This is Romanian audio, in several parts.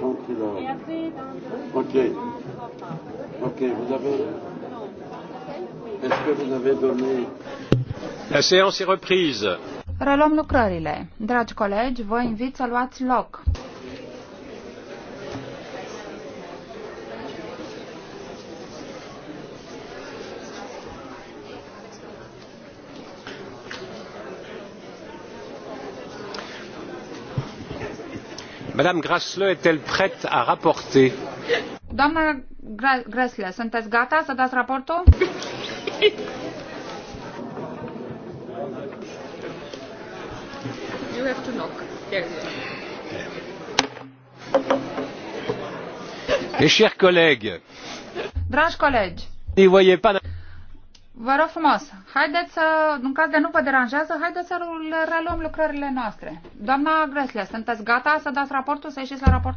tranquille. Ok. Ok, vous avez. Est-ce que vous avez donné. La séance est reprise. Reluăm lucrările. Dragi colegi, vă invit să luați loc. Madame Grasle est-elle prête à rapporter? Doamna Grasle, sunteți gata să dați raportul? you have to knock. Mes chers collègues, Dragi colegi, Vă rog frumos, haideți să, în caz de nu vă deranjează, haideți să reluăm lucrările noastre. Doamna Gresle, sunteți gata să dați raportul, să ieșiți la raport?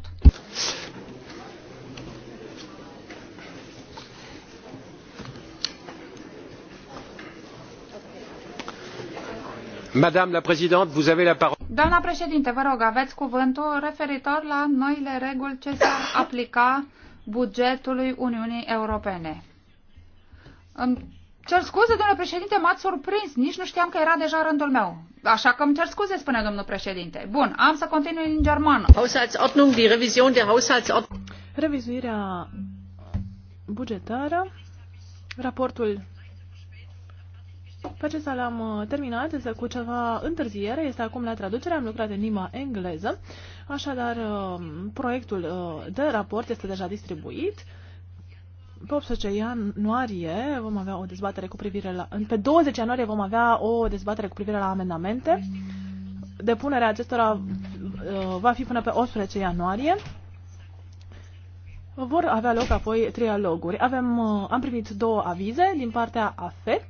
Madame la Présidente, vous avez la parole. Doamna președinte, vă rog, aveți cuvântul referitor la noile reguli ce s-ar aplica bugetului Uniunii Europene. Îmi Cer scuze, domnule președinte, m-ați surprins. Nici nu știam că era deja rândul meu. Așa că îmi cer scuze, spune domnul președinte. Bun, am să continui în germană. Revizuirea bugetară, raportul pe acesta l-am uh, terminat, însă cu ceva întârziere, este acum la traducere, am lucrat în limba engleză, așadar uh, proiectul uh, de raport este deja distribuit pe 18 ianuarie vom avea o dezbatere cu privire la... Pe 20 ianuarie vom avea o dezbatere cu privire la amendamente. Depunerea acestora uh, va fi până pe 18 ianuarie. Vor avea loc apoi trialoguri. Avem, uh, am primit două avize din partea AFET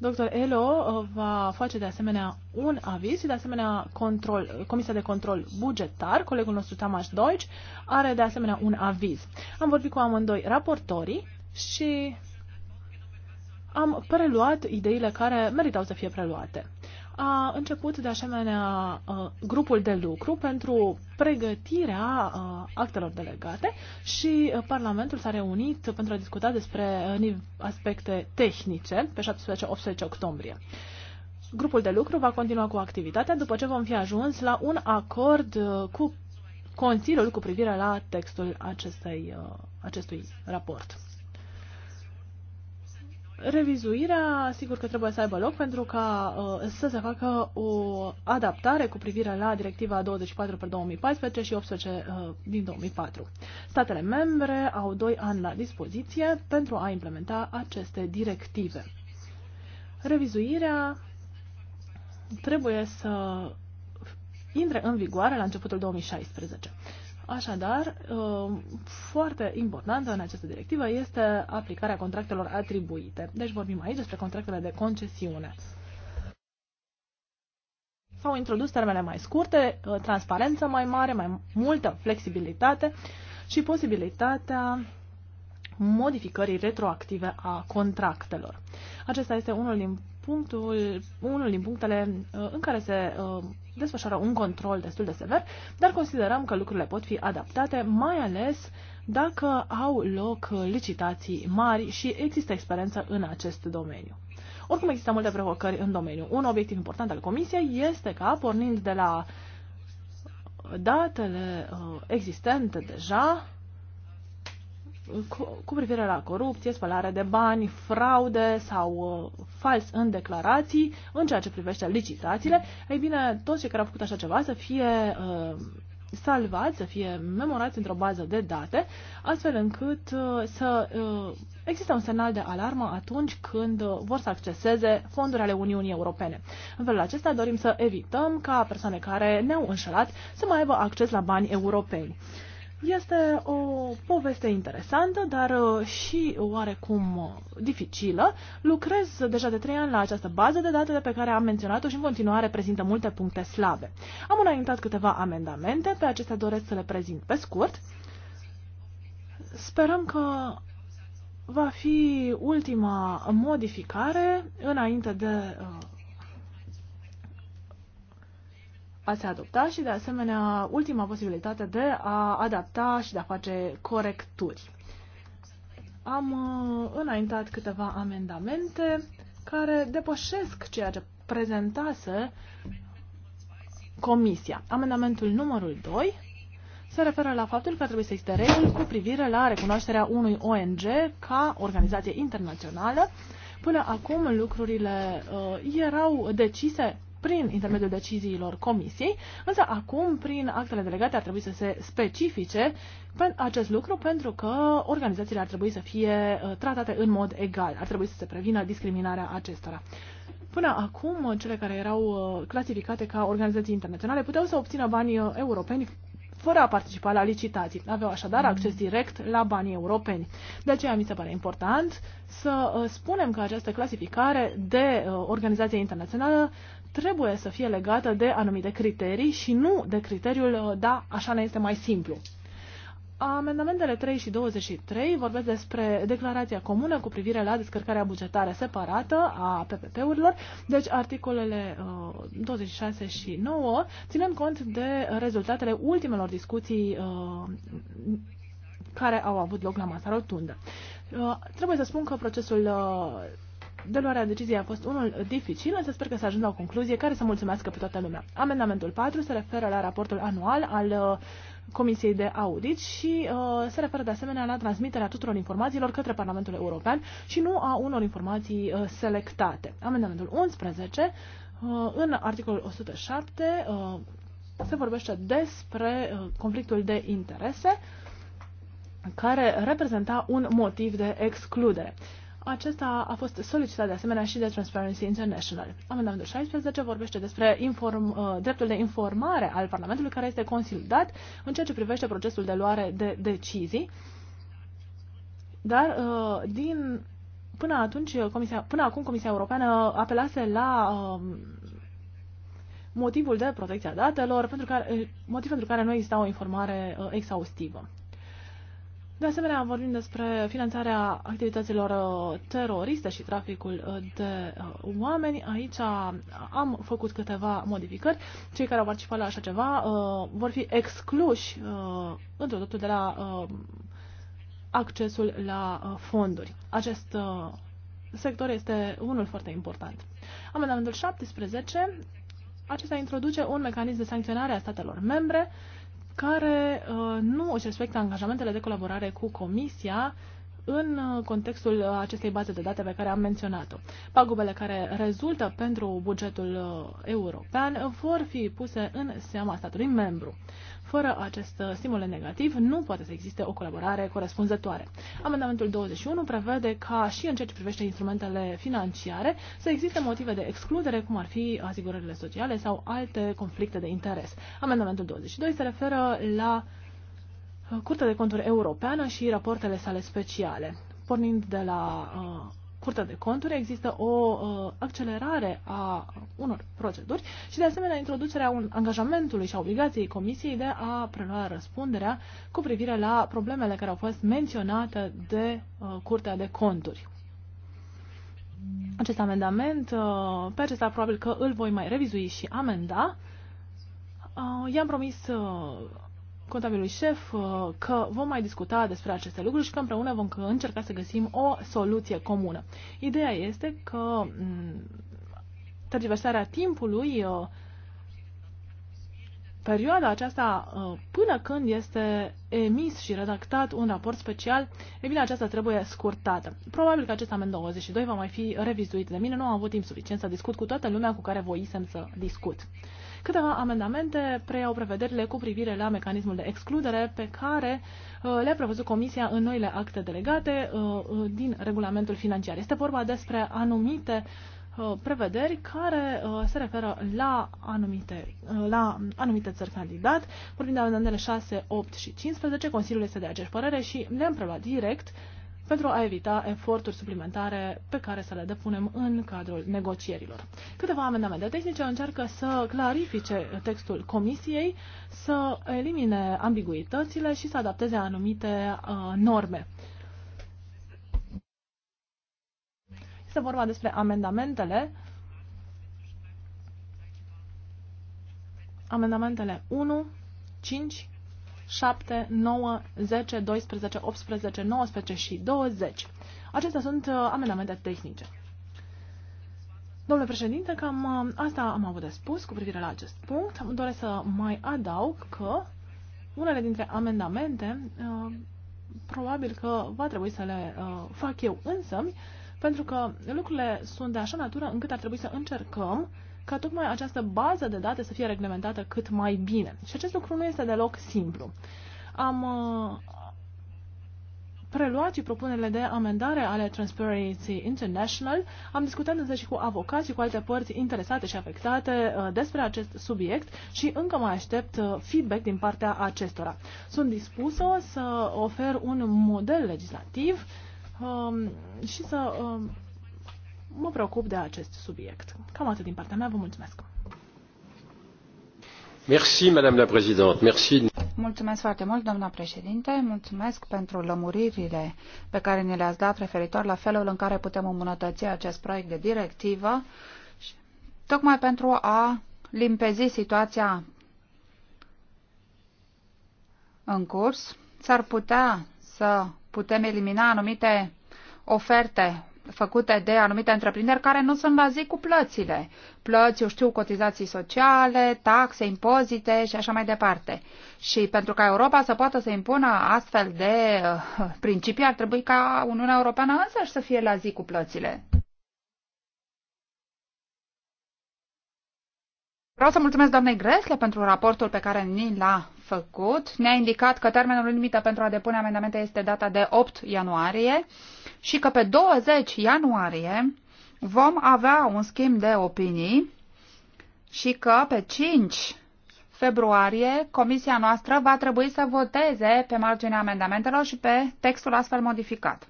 Dr. Elo uh, va face de asemenea un aviz și de asemenea control, Comisia de Control Bugetar, colegul nostru Tamaș Deutsch, are de asemenea un aviz. Am vorbit cu amândoi raportorii și am preluat ideile care meritau să fie preluate a început de asemenea grupul de lucru pentru pregătirea actelor delegate și Parlamentul s-a reunit pentru a discuta despre aspecte tehnice pe 17-18 octombrie. Grupul de lucru va continua cu activitatea după ce vom fi ajuns la un acord cu Consiliul cu privire la textul acestei, acestui raport. Revizuirea, sigur că trebuie să aibă loc pentru ca uh, să se facă o adaptare cu privire la Directiva 24 pe 2014 și 18 uh, din 2004. Statele membre au doi ani la dispoziție pentru a implementa aceste directive. Revizuirea trebuie să intre în vigoare la începutul 2016. Așadar, um, foarte importantă în această directivă este aplicarea contractelor atribuite. Deci vorbim aici despre contractele de concesiune. S-au introdus termene mai scurte, uh, transparență mai mare, mai multă flexibilitate și posibilitatea modificării retroactive a contractelor. Acesta este unul din, punctul, unul din punctele uh, în care se uh, desfășoară un control destul de sever, dar considerăm că lucrurile pot fi adaptate, mai ales dacă au loc licitații mari și există experiență în acest domeniu. Oricum există multe provocări în domeniu. Un obiectiv important al Comisiei este ca, pornind de la datele uh, existente deja, cu, privire la corupție, spălare de bani, fraude sau uh, fals în declarații, în ceea ce privește licitațiile, ei bine, toți cei care au făcut așa ceva să fie uh, salvați, să fie memorați într-o bază de date, astfel încât uh, să uh, există un semnal de alarmă atunci când uh, vor să acceseze fonduri ale Uniunii Europene. În felul acesta dorim să evităm ca persoane care ne-au înșelat să mai aibă acces la bani europeni. Este o poveste interesantă, dar uh, și oarecum uh, dificilă. Lucrez deja de trei ani la această bază de date de pe care am menționat-o și în continuare prezintă multe puncte slabe. Am înaintat câteva amendamente, pe acestea doresc să le prezint pe scurt. Sperăm că va fi ultima modificare înainte de uh, a se adopta și, de asemenea, ultima posibilitate de a adapta și de a face corecturi. Am uh, înaintat câteva amendamente care depășesc ceea ce prezentase Comisia. Amendamentul numărul 2 se referă la faptul că trebuie să existe reguli cu privire la recunoașterea unui ONG ca organizație internațională. Până acum lucrurile uh, erau decise prin intermediul deciziilor comisiei, însă acum, prin actele delegate, ar trebui să se specifice acest lucru pentru că organizațiile ar trebui să fie uh, tratate în mod egal, ar trebui să se prevină discriminarea acestora. Până acum, cele care erau uh, clasificate ca organizații internaționale puteau să obțină bani uh, europeni fără a participa la licitații. Aveau așadar mm. acces direct la banii europeni. De aceea mi se pare important să spunem că această clasificare de organizație internațională trebuie să fie legată de anumite criterii și nu de criteriul uh, da, așa ne este mai simplu. Amendamentele 3 și 23 vorbesc despre declarația comună cu privire la descărcarea bugetară separată a PPP-urilor, deci articolele 26 uh, și 9, ținând cont de rezultatele ultimelor discuții uh, care au avut loc la masa rotundă. Trebuie să spun că procesul de luarea deciziei a fost unul dificil, însă sper că s-a ajungă la o concluzie care să mulțumească pe toată lumea. Amendamentul 4 se referă la raportul anual al uh, Comisiei de Audit și uh, se referă de asemenea la transmiterea tuturor informațiilor către Parlamentul European și nu a unor informații uh, selectate. Amendamentul 11, uh, în articolul 107, uh, se vorbește despre uh, conflictul de interese care reprezenta un motiv de excludere. Uh, acesta a fost solicitat de asemenea și de Transparency International. Amendamentul 16 vorbește despre inform, uh, dreptul de informare al Parlamentului care este consilidat în ceea ce privește procesul de luare de decizii. Dar uh, din până atunci Comisia, până acum Comisia Europeană apelase la um, motivul de protecția datelor, pentru care, uh, motiv pentru care nu exista o informare exhaustivă. De asemenea, vorbim despre finanțarea activităților uh, teroriste și traficul uh, de uh, oameni. Aici am făcut câteva modificări. Cei care au participat la așa ceva vor fi excluși într-o totul de la accesul la fonduri. Acest sector este unul foarte important. Amendamentul 17, acesta introduce un mecanism de sancționare a statelor membre uh, care uh, nu își respectă angajamentele de colaborare cu Comisia în uh, contextul uh, acestei baze de date pe care am menționat-o. Pagubele care rezultă pentru bugetul european vor fi puse în seama statului membru. Fără acest uh, stimul negativ, nu poate să existe o colaborare corespunzătoare. Amendamentul 21 prevede ca și în ceea ce privește instrumentele financiare să existe motive de excludere, cum ar fi asigurările sociale sau alte conflicte de interes. Amendamentul 22 se referă la uh, Curtea de Conturi Europeană și rapoartele sale speciale. Pornind de la uh, Curtea de Conturi există o uh, accelerare a unor proceduri și de asemenea introducerea un, angajamentului și a obligației Comisiei de a prelua răspunderea cu privire la problemele care au fost menționate de uh, Curtea de Conturi. Acest amendament, uh, pe acesta probabil că îl voi mai revizui și amenda. Uh, i-am promis uh, contabilului șef uh, că vom mai discuta despre aceste lucruri și că împreună vom încerca să găsim o soluție comună. Ideea este că mm, tergiversarea timpului, uh, perioada aceasta uh, până când este emis și redactat un raport special, e bine, aceasta trebuie scurtată. Probabil că acest amendament 22 va mai fi revizuit de mine, nu am avut timp suficient să discut cu toată lumea cu care voisem să discut. Câteva amendamente preiau prevederile cu privire la mecanismul de excludere pe care uh, le-a prevăzut Comisia în noile acte delegate uh, uh, din regulamentul financiar. Este vorba despre anumite prevederi care se referă la anumite, la anumite țări candidat. Vorbim de amendamentele 6, 8 și 15. Consiliul este de aceeași părere și le-am preluat direct pentru a evita eforturi suplimentare pe care să le depunem în cadrul negocierilor. Câteva amendamente tehnice încearcă să clarifice textul Comisiei, să elimine ambiguitățile și să adapteze anumite uh, norme. Este vorba despre amendamentele amendamentele 1, 5, 7, 9, 10, 12, 18, 19 și 20. Acestea sunt uh, amendamente tehnice. Domnule președinte, cam uh, asta am avut de spus cu privire la acest punct. Îmi Doresc să mai adaug că unele dintre amendamente uh, probabil că va trebui să le fac eu însămi, pentru că lucrurile sunt de așa natură încât ar trebui să încercăm ca tocmai această bază de date să fie reglementată cât mai bine. Și acest lucru nu este deloc simplu. Am uh, preluat și propunerile de amendare ale Transparency International. Am discutat însă și cu avocați și cu alte părți interesate și afectate uh, despre acest subiect și încă mai aștept uh, feedback din partea acestora. Sunt dispusă să ofer un model legislativ um, și să um, mă preocup de acest subiect. Cam atât din partea mea, vă mulțumesc. Merci, Madame la Présidente. Merci. Mulțumesc foarte mult, doamna președinte. Mulțumesc pentru lămuririle pe care ne le-ați dat referitor la felul în care putem îmbunătăți acest proiect de directivă, tocmai pentru a limpezi situația în curs. S-ar putea să putem elimina anumite oferte făcute de anumite întreprinderi care nu sunt la zi cu plățile. Plăți, eu știu, cotizații sociale, taxe, impozite și așa mai departe. Și pentru ca Europa să poată să impună astfel de uh, principii, ar trebui ca Uniunea Europeană însă să fie la zi cu plățile. Vreau să mulțumesc doamnei Gresle pentru raportul pe care ni l-a făcut. Ne-a indicat că termenul limită pentru a depune amendamente este data de 8 ianuarie și că pe 20 ianuarie vom avea un schimb de opinii și că pe 5 februarie comisia noastră va trebui să voteze pe marginea amendamentelor și pe textul astfel modificat.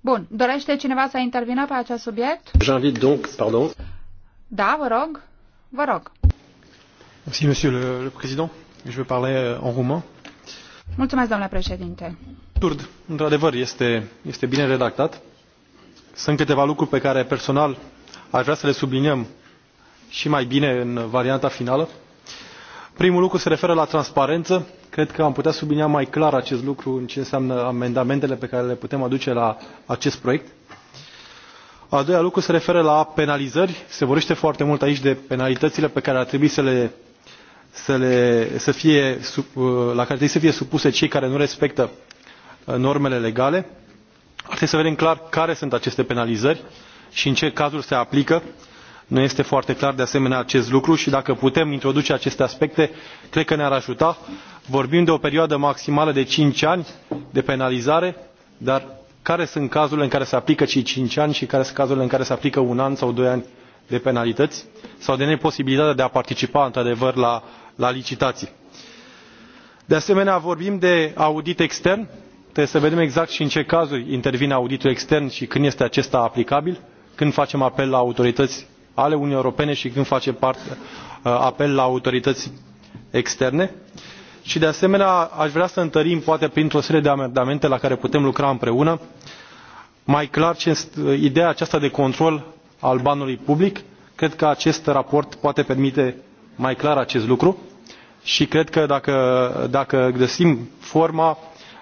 Bun, dorește cineva să intervină pe acest subiect? J'invite donc, pardon. Da, vă rog. Vă rog. Merci, monsieur le, le président. Je veux parler euh, en roumain domnule președinte. Absurd, într-adevăr, este, este bine redactat. Sunt câteva lucruri pe care personal aș vrea să le subliniem și mai bine în varianta finală. Primul lucru se referă la transparență. Cred că am putea sublinia mai clar acest lucru în ceea ce înseamnă amendamentele pe care le putem aduce la acest proiect. Al doilea lucru se referă la penalizări. Se vorbește foarte mult aici de penalitățile pe care ar trebui să le să, le, să fie, uh, la care trebuie să fie supuse cei care nu respectă uh, normele legale. Ar trebui să vedem clar care sunt aceste penalizări și în ce cazuri se aplică. Nu este foarte clar de asemenea acest lucru și dacă putem introduce aceste aspecte, cred că ne-ar ajuta. Vorbim de o perioadă maximală de 5 ani de penalizare, dar care sunt cazurile în care se aplică cei 5 ani și care sunt cazurile în care se aplică un an sau doi ani de penalități sau de neposibilitatea de a participa într adevăr la la licitații. de asemenea vorbim de audit extern trebuie să vedem exact și în ce cazuri intervine auditul extern și când este acesta aplicabil când facem apel la autorități ale uniunii europene și când facem parte, uh, apel la autorități externe și de asemenea aș vrea să întărim poate printr o serie de amendamente la care putem lucra împreună mai clar ce uh, ideea aceasta de control al banului public cred că acest raport poate permite mai clar acest lucru și cred că dacă, dacă găsim forma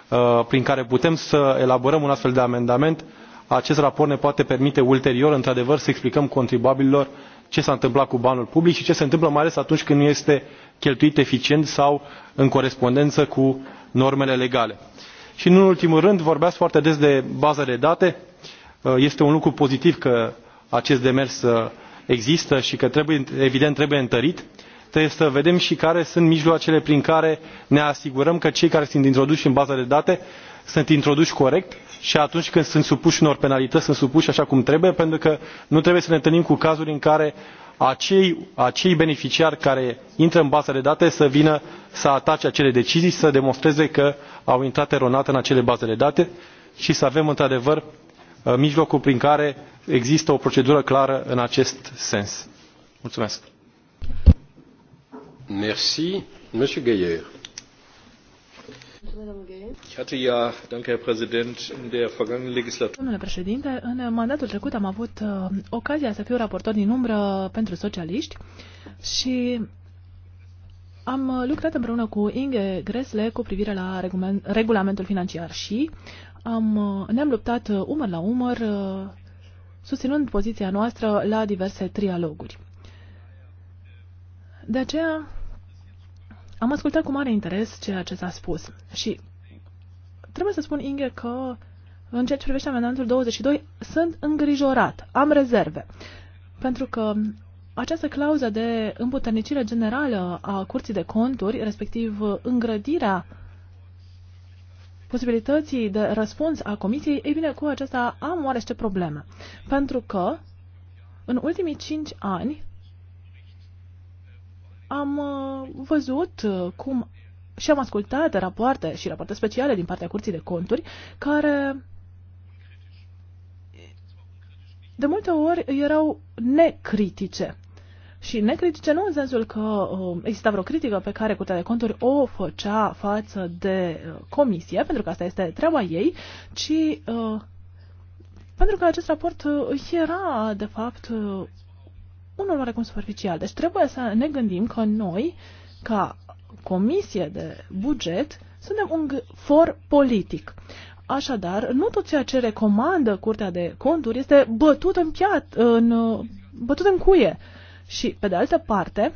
uh, prin care putem să elaborăm un astfel de amendament, acest raport ne poate permite ulterior, într-adevăr, să explicăm contribuabililor ce s-a întâmplat cu banul public și ce se întâmplă mai ales atunci când nu este cheltuit eficient sau în corespondență cu normele legale. Și în ultimul rând, vorbeați foarte des de bază de date. Uh, este un lucru pozitiv că acest demers uh, există și că trebuie, evident trebuie întărit trebuie să vedem și care sunt mijloacele prin care ne asigurăm că cei care sunt introduși în baza de date sunt introduși corect și atunci când sunt supuși unor penalități sunt supuși așa cum trebuie pentru că nu trebuie să ne întâlnim cu cazuri în care acei, acei beneficiari care intră în baza de date să vină să atace acele decizii să demonstreze că au intrat eronat în acele baze de date și să avem într adevăr mijlocul prin care există o procedură clară în acest sens. Mulțumesc. Merci. Monsieur Domnule președinte, în mandatul trecut am avut uh, ocazia să fiu raportor din umbră pentru socialiști și am uh, lucrat împreună cu Inge Gresle cu privire la regulamentul financiar și am, uh, ne-am luptat umăr la umăr susținând poziția noastră la diverse trialoguri. De aceea am ascultat cu mare interes ceea ce s-a spus și trebuie să spun, Inge, că în ceea ce privește amendamentul 22 sunt îngrijorat, am rezerve, pentru că această clauză de împuternicire generală a curții de conturi, respectiv îngrădirea posibilității de răspuns a Comisiei, ei bine, cu aceasta am oarește probleme. Pentru că în ultimii cinci ani am uh, văzut uh, cum și am ascultat rapoarte și rapoarte speciale din partea Curții de Conturi care de multe ori erau necritice și necritice, nu în sensul că uh, exista vreo critică pe care Curtea de Conturi o făcea față de uh, comisie, pentru că asta este treaba ei, ci uh, pentru că acest raport uh, era, de fapt, unul oarecum superficial. Deci trebuie să ne gândim că noi, ca comisie de buget, suntem un for politic. Așadar, nu tot ceea ce recomandă Curtea de Conturi este bătut în, piat, în, bătut în cuie. Uh, și, pe de altă parte,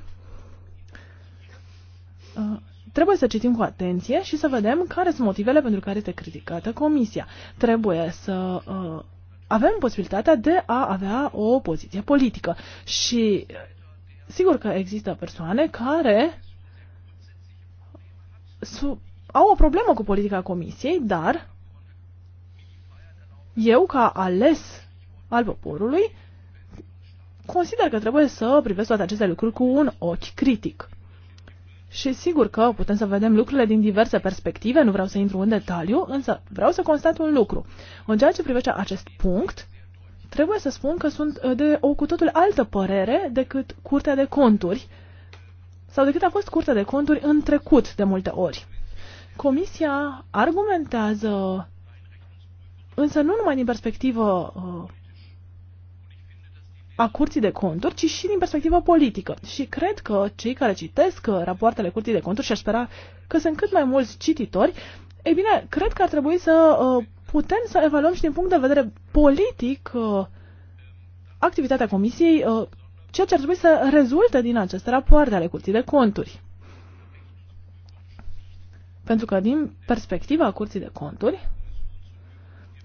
uh, trebuie să citim cu atenție și să vedem care sunt motivele pentru care este criticată Comisia. Trebuie să uh, avem posibilitatea de a avea o poziție politică. Și uh, sigur că există persoane care au o problemă cu politica Comisiei, dar eu, ca ales al poporului, consider că trebuie să privesc toate aceste lucruri cu un ochi critic. Și sigur că putem să vedem lucrurile din diverse perspective, nu vreau să intru în detaliu, însă vreau să constat un lucru. În ceea ce privește acest punct, trebuie să spun că sunt uh, de o cu totul altă părere decât Curtea de Conturi sau decât a fost Curtea de Conturi în trecut de multe ori. Comisia argumentează însă nu numai din perspectivă uh, a Curții de Conturi, ci și din perspectivă politică. Și cred că cei care citesc uh, rapoartele Curții de Conturi, și aș spera că sunt cât mai mulți cititori, ei bine, cred că ar trebui să uh, putem să evaluăm și din punct de vedere politic uh, activitatea Comisiei, ceea ce ar trebui să rezulte din aceste rapoarte ale Curții de Conturi. Pentru că din perspectiva Curții de Conturi,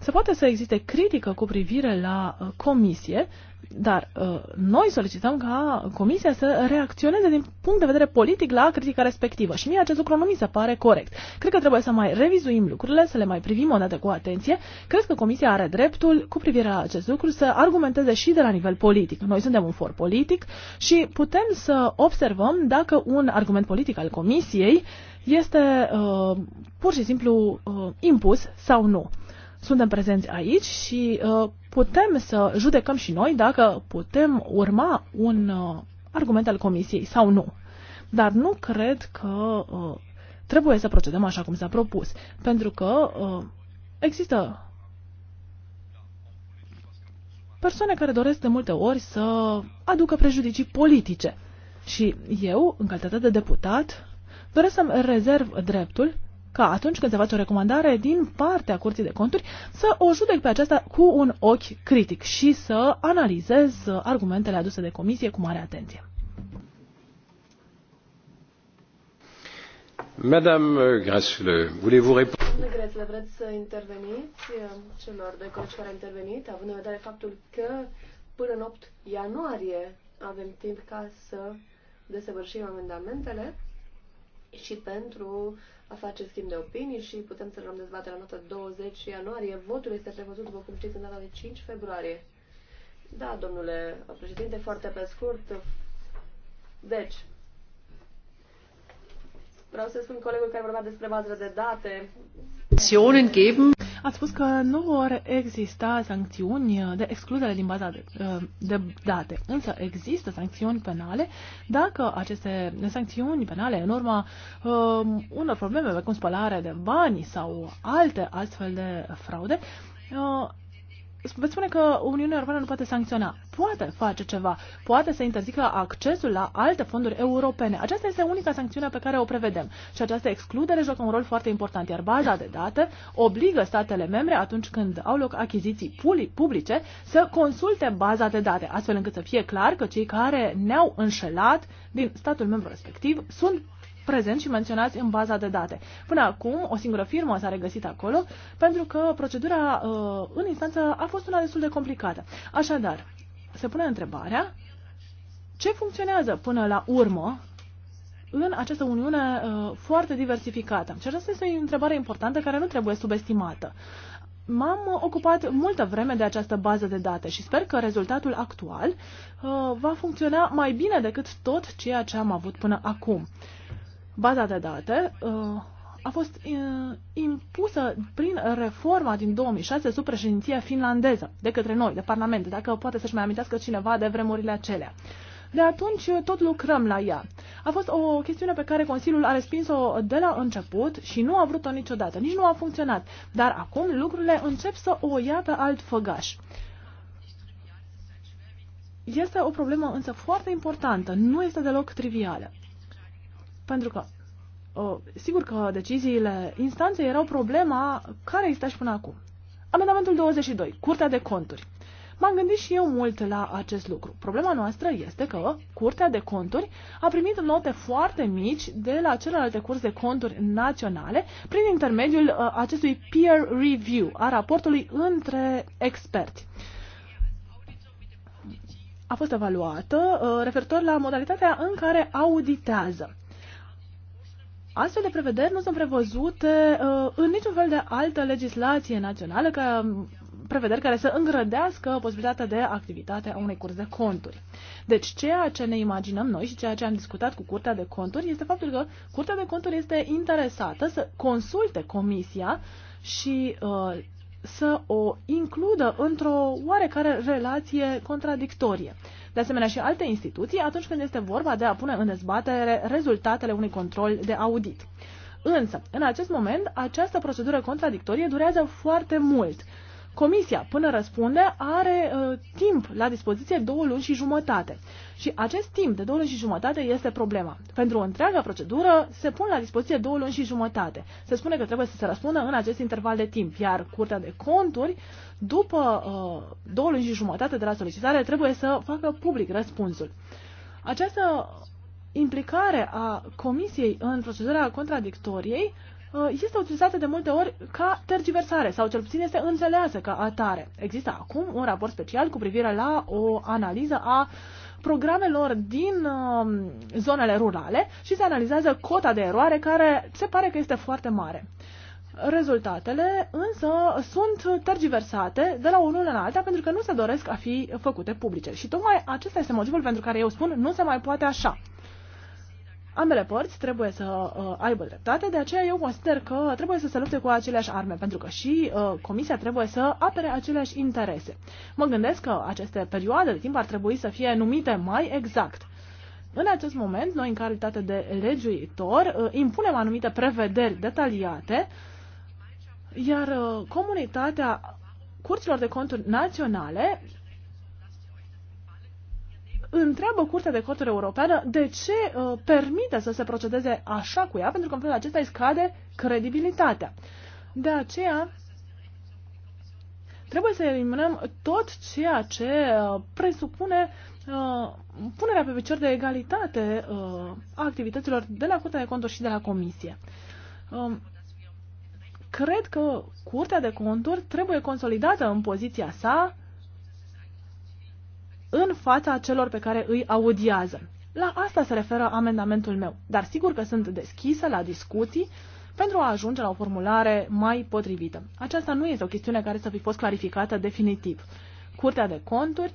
se poate să existe critică cu privire la uh, comisie, dar uh, noi solicităm ca comisia să reacționeze din punct de vedere politic la critica respectivă și mie acest lucru nu mi se pare corect. Cred că trebuie să mai revizuim lucrurile, să le mai privim o dată cu atenție. Cred că comisia are dreptul cu privire la acest lucru să argumenteze și de la nivel politic. Noi suntem un for politic și putem să observăm dacă un argument politic al comisiei este uh, pur și simplu uh, impus sau nu suntem prezenți aici și uh, putem să judecăm și noi dacă putem urma un uh, argument al Comisiei sau nu. Dar nu cred că uh, trebuie să procedăm așa cum s-a propus, pentru că uh, există persoane care doresc de multe ori să aducă prejudicii politice. Și eu, în calitate de deputat, doresc să-mi rezerv dreptul ca atunci când se face o recomandare din partea Curții de Conturi să o judec pe aceasta cu un ochi critic și să analizez argumentele aduse de comisie cu mare atenție. Madame Grasle, voulez-vous répondre Grasle, vreți să interveniți eh, celor de coach care au intervenit, având în vedere faptul că până în 8 ianuarie avem timp ca să desăvârșim amendamentele și pentru a face schimb de opinii și putem să luăm dezbaterea noastră 20 ianuarie. Votul este prevăzut, după cum știți, în data de 5 februarie. Da, domnule președinte, foarte pe scurt. Deci, Vreau să spun colegul care vorbea despre bază de date. A spus că nu vor exista sancțiuni de excludere din baza de, de date, însă există sancțiuni penale dacă aceste sancțiuni penale, în urma um, unor probleme, cum spălare de bani sau alte astfel de fraude, uh, veți spune că Uniunea Europeană nu poate sancționa. Poate face ceva. Poate să interzică accesul la alte fonduri europene. Aceasta este unica sancțiune pe care o prevedem. Și această excludere joacă un rol foarte important, iar baza de date obligă statele membre, atunci când au loc achiziții publice, să consulte baza de date, astfel încât să fie clar că cei care ne-au înșelat din statul membru respectiv sunt prezent și menționați în baza de date. Până acum, o singură firmă s-a regăsit acolo pentru că procedura uh, în instanță a fost una destul de complicată. Așadar, se pune întrebarea ce funcționează până la urmă în această uniune uh, foarte diversificată. Și aceasta este o întrebare importantă care nu trebuie subestimată. M-am ocupat multă vreme de această bază de date și sper că rezultatul actual uh, va funcționa mai bine decât tot ceea ce am avut până acum. Uh, baza de date uh, a fost uh, impusă prin reforma din 2006 sub președinția finlandeză de către noi, de Parlament, dacă poate să-și mai amintească cineva de vremurile acelea. De atunci uh, tot lucrăm la ea. A fost o chestiune pe care Consiliul a respins-o de la început și nu a vrut-o niciodată, nici nu a funcționat. Dar acum lucrurile încep să o ia pe alt făgaș. Este o problemă însă foarte importantă, nu este deloc trivială. Pentru că, sigur că deciziile instanței erau problema care exista și până acum. Amendamentul 22, Curtea de Conturi. M-am gândit și eu mult la acest lucru. Problema noastră este că Curtea de Conturi a primit note foarte mici de la celelalte curse de conturi naționale prin intermediul uh, acestui peer review a raportului între experți. A fost evaluată uh, referitor la modalitatea în care auditează. Astfel de prevederi nu sunt prevăzute uh, în niciun fel de altă legislație națională, ca um, prevederi care să îngrădească posibilitatea de activitate a unei curs de conturi. Deci ceea ce ne imaginăm noi și ceea ce am discutat cu Curtea de Conturi este faptul că Curtea de Conturi este interesată să consulte comisia și uh, să o includă într-o oarecare relație contradictorie. Uh, de asemenea și alte instituții, atunci când este vorba de a pune în dezbatere rezultatele unui control de audit. Însă, în acest moment, această procedură contradictorie durează foarte mult. Comisia, până răspunde, are uh, timp la dispoziție două luni și jumătate. Și acest timp de două luni și jumătate este problema. Pentru o întreagă procedură se pun la dispoziție două luni și jumătate. Se spune că trebuie să se răspundă în acest interval de timp, iar Curtea de Conturi după uh, două luni și jumătate de la solicitare, trebuie să facă public răspunsul. Această implicare a Comisiei în procedura contradictoriei uh, este utilizată de multe ori ca tergiversare sau cel puțin este înțeleasă ca atare. Există acum un raport special cu privire la o analiză a programelor din um, zonele rurale și se analizează cota de eroare care se pare că este foarte mare. Rezultatele însă sunt tergiversate de la unul la alta pentru că nu se doresc a fi făcute publice. Și tocmai acesta este motivul pentru care eu spun nu se mai poate așa. Ambele părți trebuie să uh, aibă dreptate, de aceea eu consider că trebuie să se lupte cu aceleași arme, pentru că și uh, Comisia trebuie să apere aceleași interese. Mă gândesc că aceste perioade de timp ar trebui să fie numite mai exact. În acest moment, noi, în calitate de legiuitor, uh, impunem anumite prevederi detaliate uh, iar uh, comunitatea curților de conturi naționale întreabă Curtea de Conturi Europeană de ce uh, permite să se procedeze așa cu ea, pentru că în felul acesta îi scade credibilitatea. De aceea, trebuie să eliminăm tot ceea ce uh, presupune uh, punerea pe picior de egalitate uh, a activităților de la Curtea de Conturi și de la Comisie. Um, cred că Curtea de Conturi trebuie consolidată în poziția sa în fața celor pe care îi audiază. La asta se referă amendamentul meu, dar sigur că sunt deschisă la discuții pentru a ajunge la o formulare mai potrivită. Aceasta nu este o chestiune care să fi fost clarificată definitiv. Curtea de conturi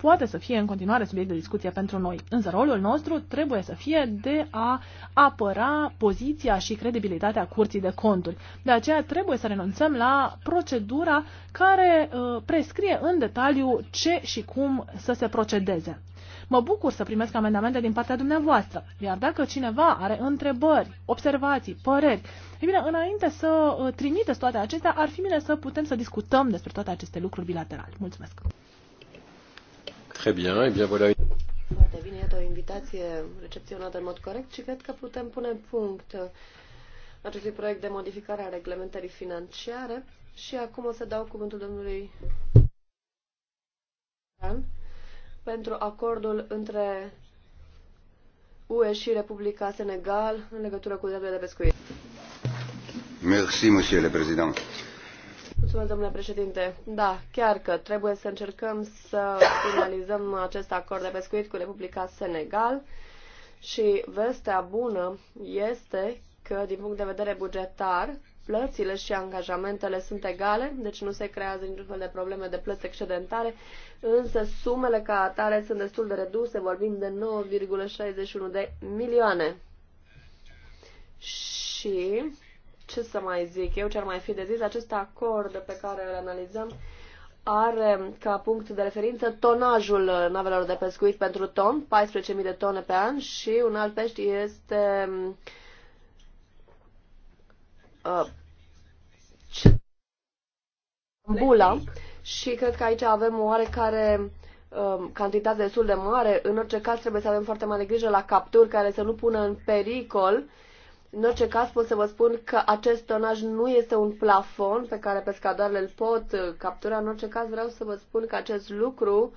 poate să fie în continuare subiect de discuție pentru noi. Însă rolul nostru trebuie să fie de a apăra poziția și credibilitatea curții de conturi. De aceea trebuie să renunțăm la procedura care uh, prescrie în detaliu ce și cum să se procedeze. Mă bucur să primesc amendamente din partea dumneavoastră, iar dacă cineva are întrebări, observații, păreri, e bine, înainte să uh, trimiteți toate acestea, ar fi bine să putem să discutăm despre toate aceste lucruri bilaterale. Mulțumesc! Très bien, et eh bien voilà. Foarte bine, iată o invitație recepționată în mod corect și cred că putem pune punct acestui proiect de modificare a reglementării financiare și acum o să dau cuvântul domnului pentru acordul între UE și Republica Senegal în legătură cu drepturile de pescuit. Merci, monsieur le président. Mulțumesc, domnule președinte. Da, chiar că trebuie să încercăm să finalizăm acest acord de pescuit cu Republica Senegal și vestea bună este că, din punct de vedere bugetar, plățile și angajamentele sunt egale, deci nu se creează niciun fel de probleme de plăți excedentare, însă sumele ca atare sunt destul de reduse, vorbim de 9,61 de milioane. Și ce să mai zic eu, ce ar mai fi de zis, acest acord pe care îl analizăm are ca punct de referință tonajul navelor de pescuit pentru ton, 14.000 de tone pe an și un alt pești este uh, bula și cred că aici avem o oarecare um, cantitate destul de mare. În orice caz trebuie să avem foarte mare grijă la capturi care să nu pună în pericol uh, în orice caz pot să vă spun că acest tonaj nu este un plafon pe care pescadoarele îl pot uh, captura. În orice caz vreau să vă spun că acest lucru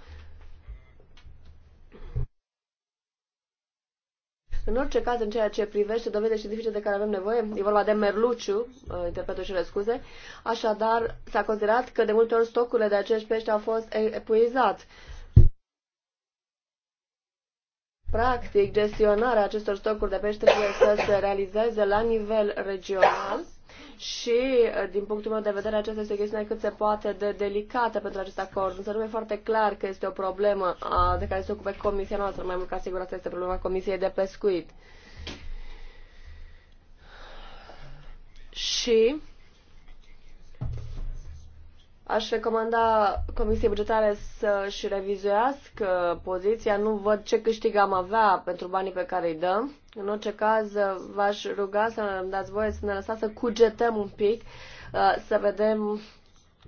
În orice caz, în ceea ce privește dovedele științifice de care avem nevoie, e vorba de Merluciu, uh, interpretul cele scuze, așadar s-a considerat că de multe ori stocurile de acești pești au fost epuizat. Practic, gestionarea acestor stocuri de pește trebuie să se realizeze la nivel regional și, din punctul meu de vedere, aceasta este o chestiune cât se poate de delicată pentru acest acord. Însă nu e foarte clar că este o problemă de care se ocupe comisia noastră, mai mult ca sigur asta este problema comisiei de pescuit. Și Aș recomanda Comisiei Bugetare să-și revizuiască poziția. Nu văd ce câștig am avea pentru banii pe care îi dăm. În orice caz, v-aș ruga să ne dați voie să ne lăsați să cugetăm un pic, uh, să vedem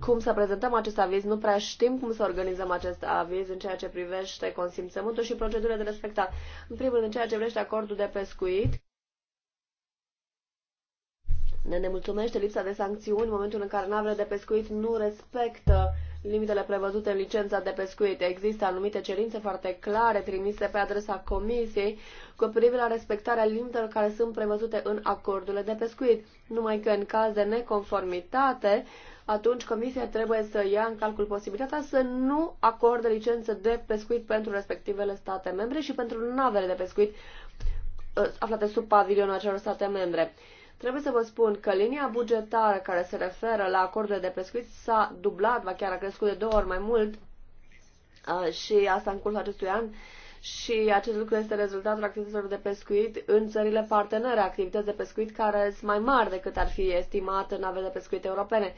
cum să prezentăm acest aviz. Nu prea știm cum să organizăm acest aviz în ceea ce privește consimțământul și procedurile de respectat. În primul rând, în ceea ce privește acordul de pescuit, ne nemulțumește lipsa de sancțiuni în momentul în care navele de pescuit nu respectă limitele prevăzute în licența de pescuit. Există anumite cerințe foarte clare trimise pe adresa Comisiei cu privire la respectarea limitelor care sunt prevăzute în acordurile de pescuit. Numai că în caz de neconformitate, atunci Comisia trebuie să ia în calcul posibilitatea să nu acorde licență de pescuit pentru respectivele state membre și pentru navele de pescuit uh, aflate sub pavilionul acelor state membre. Trebuie să vă spun că linia bugetară care se referă la acordurile de pescuit s-a dublat, va chiar a crescut de două ori mai mult uh, și asta în cursul acestui an și acest lucru este rezultatul activităților de pescuit în țările partenere, activități de pescuit care sunt mai mari decât ar fi estimat în navele de pescuit europene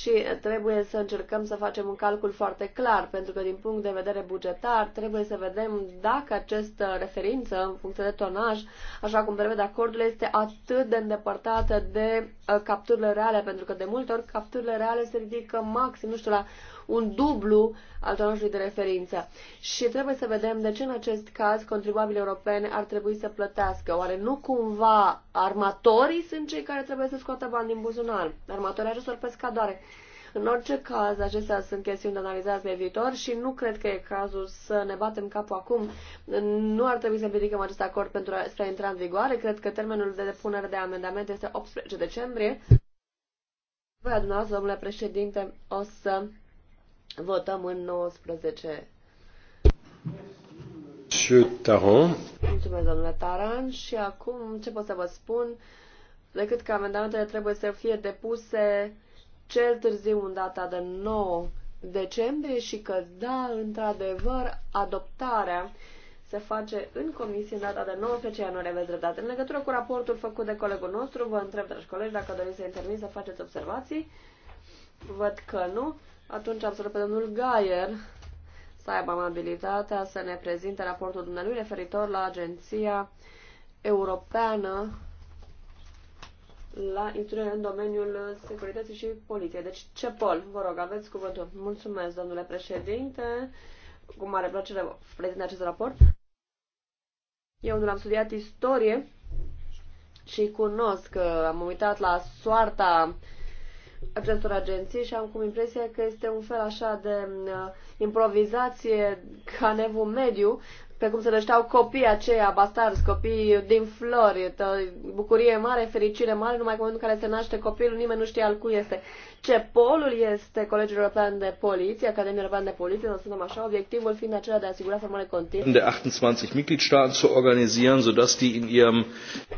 și trebuie să încercăm să facem un calcul foarte clar, pentru că din punct de vedere bugetar trebuie să vedem dacă această referință în funcție de tonaj, așa cum prevede acordul, este atât de îndepărtată de Uh, capturile reale, pentru că de multe ori capturile reale se ridică maxim, nu știu, la un dublu al tonajului de referință. Și trebuie să vedem de ce în acest caz contribuabile europene ar trebui să plătească. Oare nu cumva armatorii sunt cei care trebuie să scoată bani din buzunar? Armatorii acestor pescadoare. În orice caz, acestea sunt chestiuni de analizat pe viitor și nu cred că e cazul să ne batem capul acum. Nu ar trebui să împiedicăm acest acord pentru a, să intra în vigoare. Cred că termenul de depunere de amendamente este 18 decembrie. Voi adunați, domnule președinte, o să votăm în 19 Taran. Mulțumesc, domnule Taran. Și acum, ce pot să vă spun? Decât că amendamentele trebuie să fie depuse cel târziu în data de 9 decembrie și că, da, într-adevăr, adoptarea se face în comisie în data de 19 ianuarie, aveți dreptate. În legătură cu raportul făcut de colegul nostru, vă întreb, dragi colegi, dacă doriți să interveniți, să faceți observații. Văd că nu. Atunci am să pe domnul Gaier să aibă amabilitatea să ne prezinte raportul dumneavoastră referitor la Agenția Europeană la instruire în domeniul securității și poliției. Deci, CEPOL, vă rog, aveți cuvântul. Mulțumesc, domnule președinte. Cu mare plăcere prezint acest raport. Eu nu am studiat istorie și cunosc că am uitat la soarta acestor agenții și am cum impresia că este un fel așa de uh, improvizație ca nevul mediu, pe cum se nășteau copiii aceia, bastarzi, copii din flori, bucurie mare, fericire mare, numai că în momentul în care se naște copilul, nimeni nu știe al cui este. ce polul este Colegiul European de Poliție, Academia Europeană de Poliție, să spunem așa, obiectivul fiind acela de a asigura formare continuă. De 28 Mitgliedstaaten zu organisieren, die in ihrem...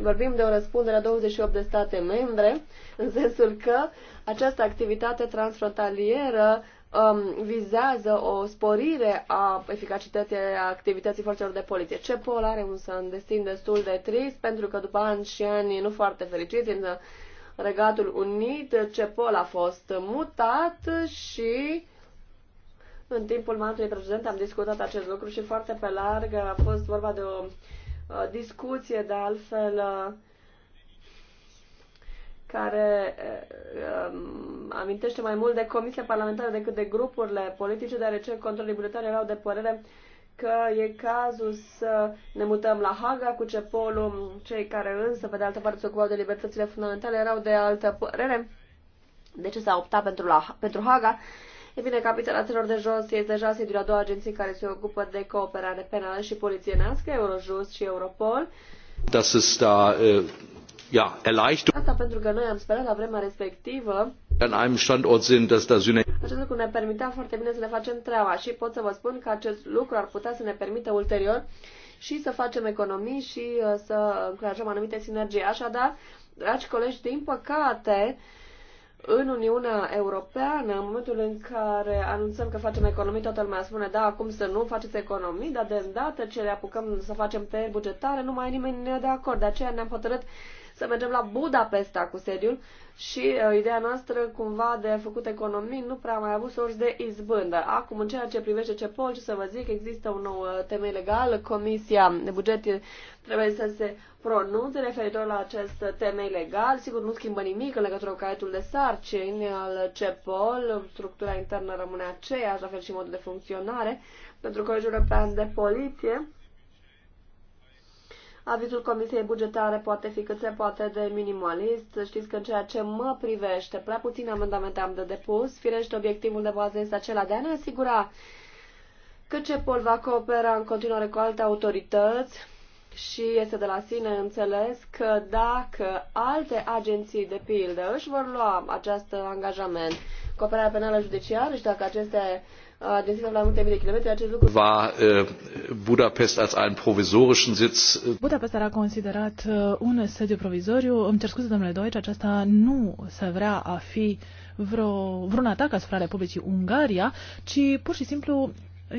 Vorbim de o răspundere a 28 de state membre, în sensul că această activitate transfrontalieră um, vizează o sporire a eficacității a activității forțelor de poliție. CEPOL are un, un destin destul de trist, pentru că după ani și ani nu foarte fericiți în Regatul Unit, CEPOL a fost mutat și în timpul mandatului precedent am discutat acest lucru și foarte pe larg a fost vorba de o uh, discuție de altfel uh, care eh, um, amintește mai mult de Comisia parlamentară decât de grupurile politice, deoarece controlii bugetari erau de părere că e cazul să ne mutăm la Haga cu Cepolul, cei care însă, pe de altă parte, se ocupau de libertățile fundamentale, erau de altă părere. De ce s-a optat pentru, la, pentru Haga? E bine, capitala celor de jos este deja sediul a două agenții care se ocupă de cooperare penală și polițienească, Eurojust și Europol. Das ist da, uh eh, ja, Erleichterung. Asta pentru că noi am sperat la vremea respectivă an einem Standort sind, dass da Synergien. Acest lucru ne permitea foarte bine să ne facem treaba și pot să vă spun că acest lucru ar putea să ne permită ulterior și să facem economii și uh, să încurajăm anumite sinergii. Așadar, dragi colegi, din păcate, în Uniunea Europeană, în momentul în care anunțăm că facem economii, toată lumea spune, da, acum să nu faceți economii, dar de îndată ce le apucăm să facem pe bugetare, nu mai e nimeni de acord. De aceea ne-am hotărât să mergem la Budapesta cu sediul și uh, ideea noastră cumva de făcut economii nu prea mai a avut sorți de izbândă. Acum, în ceea ce privește CEPOL, ce să vă zic, există un nou uh, temei legal, Comisia de Buget trebuie să se pronunțe referitor la acest temei legal. Sigur, nu schimbă nimic în legătură cu caietul de sarcini al CEPOL, structura internă rămâne aceeași, la fel și modul de funcționare pentru Colegiul European de Poliție Avizul Comisiei Bugetare poate fi cât se poate de minimalist. Știți că în ceea ce mă privește, prea puține amendamente am de depus. Firește, obiectivul de bază este acela de a ne asigura că pol va coopera în continuare cu alte autorități și este de la sine înțeles că dacă alte agenții, de pildă, își vor lua acest angajament, cooperarea penală judiciară și dacă aceste la multe mii de kilometri, acest lucru... Va uh, Budapest als einen provisorischen Sitz... Uh, Budapest era considerat uh, un sediu provizoriu. Îmi cer scuze, domnule Deutsch, aceasta nu se vrea a fi vreo, vreun atac asupra Republicii Ungaria, ci pur și simplu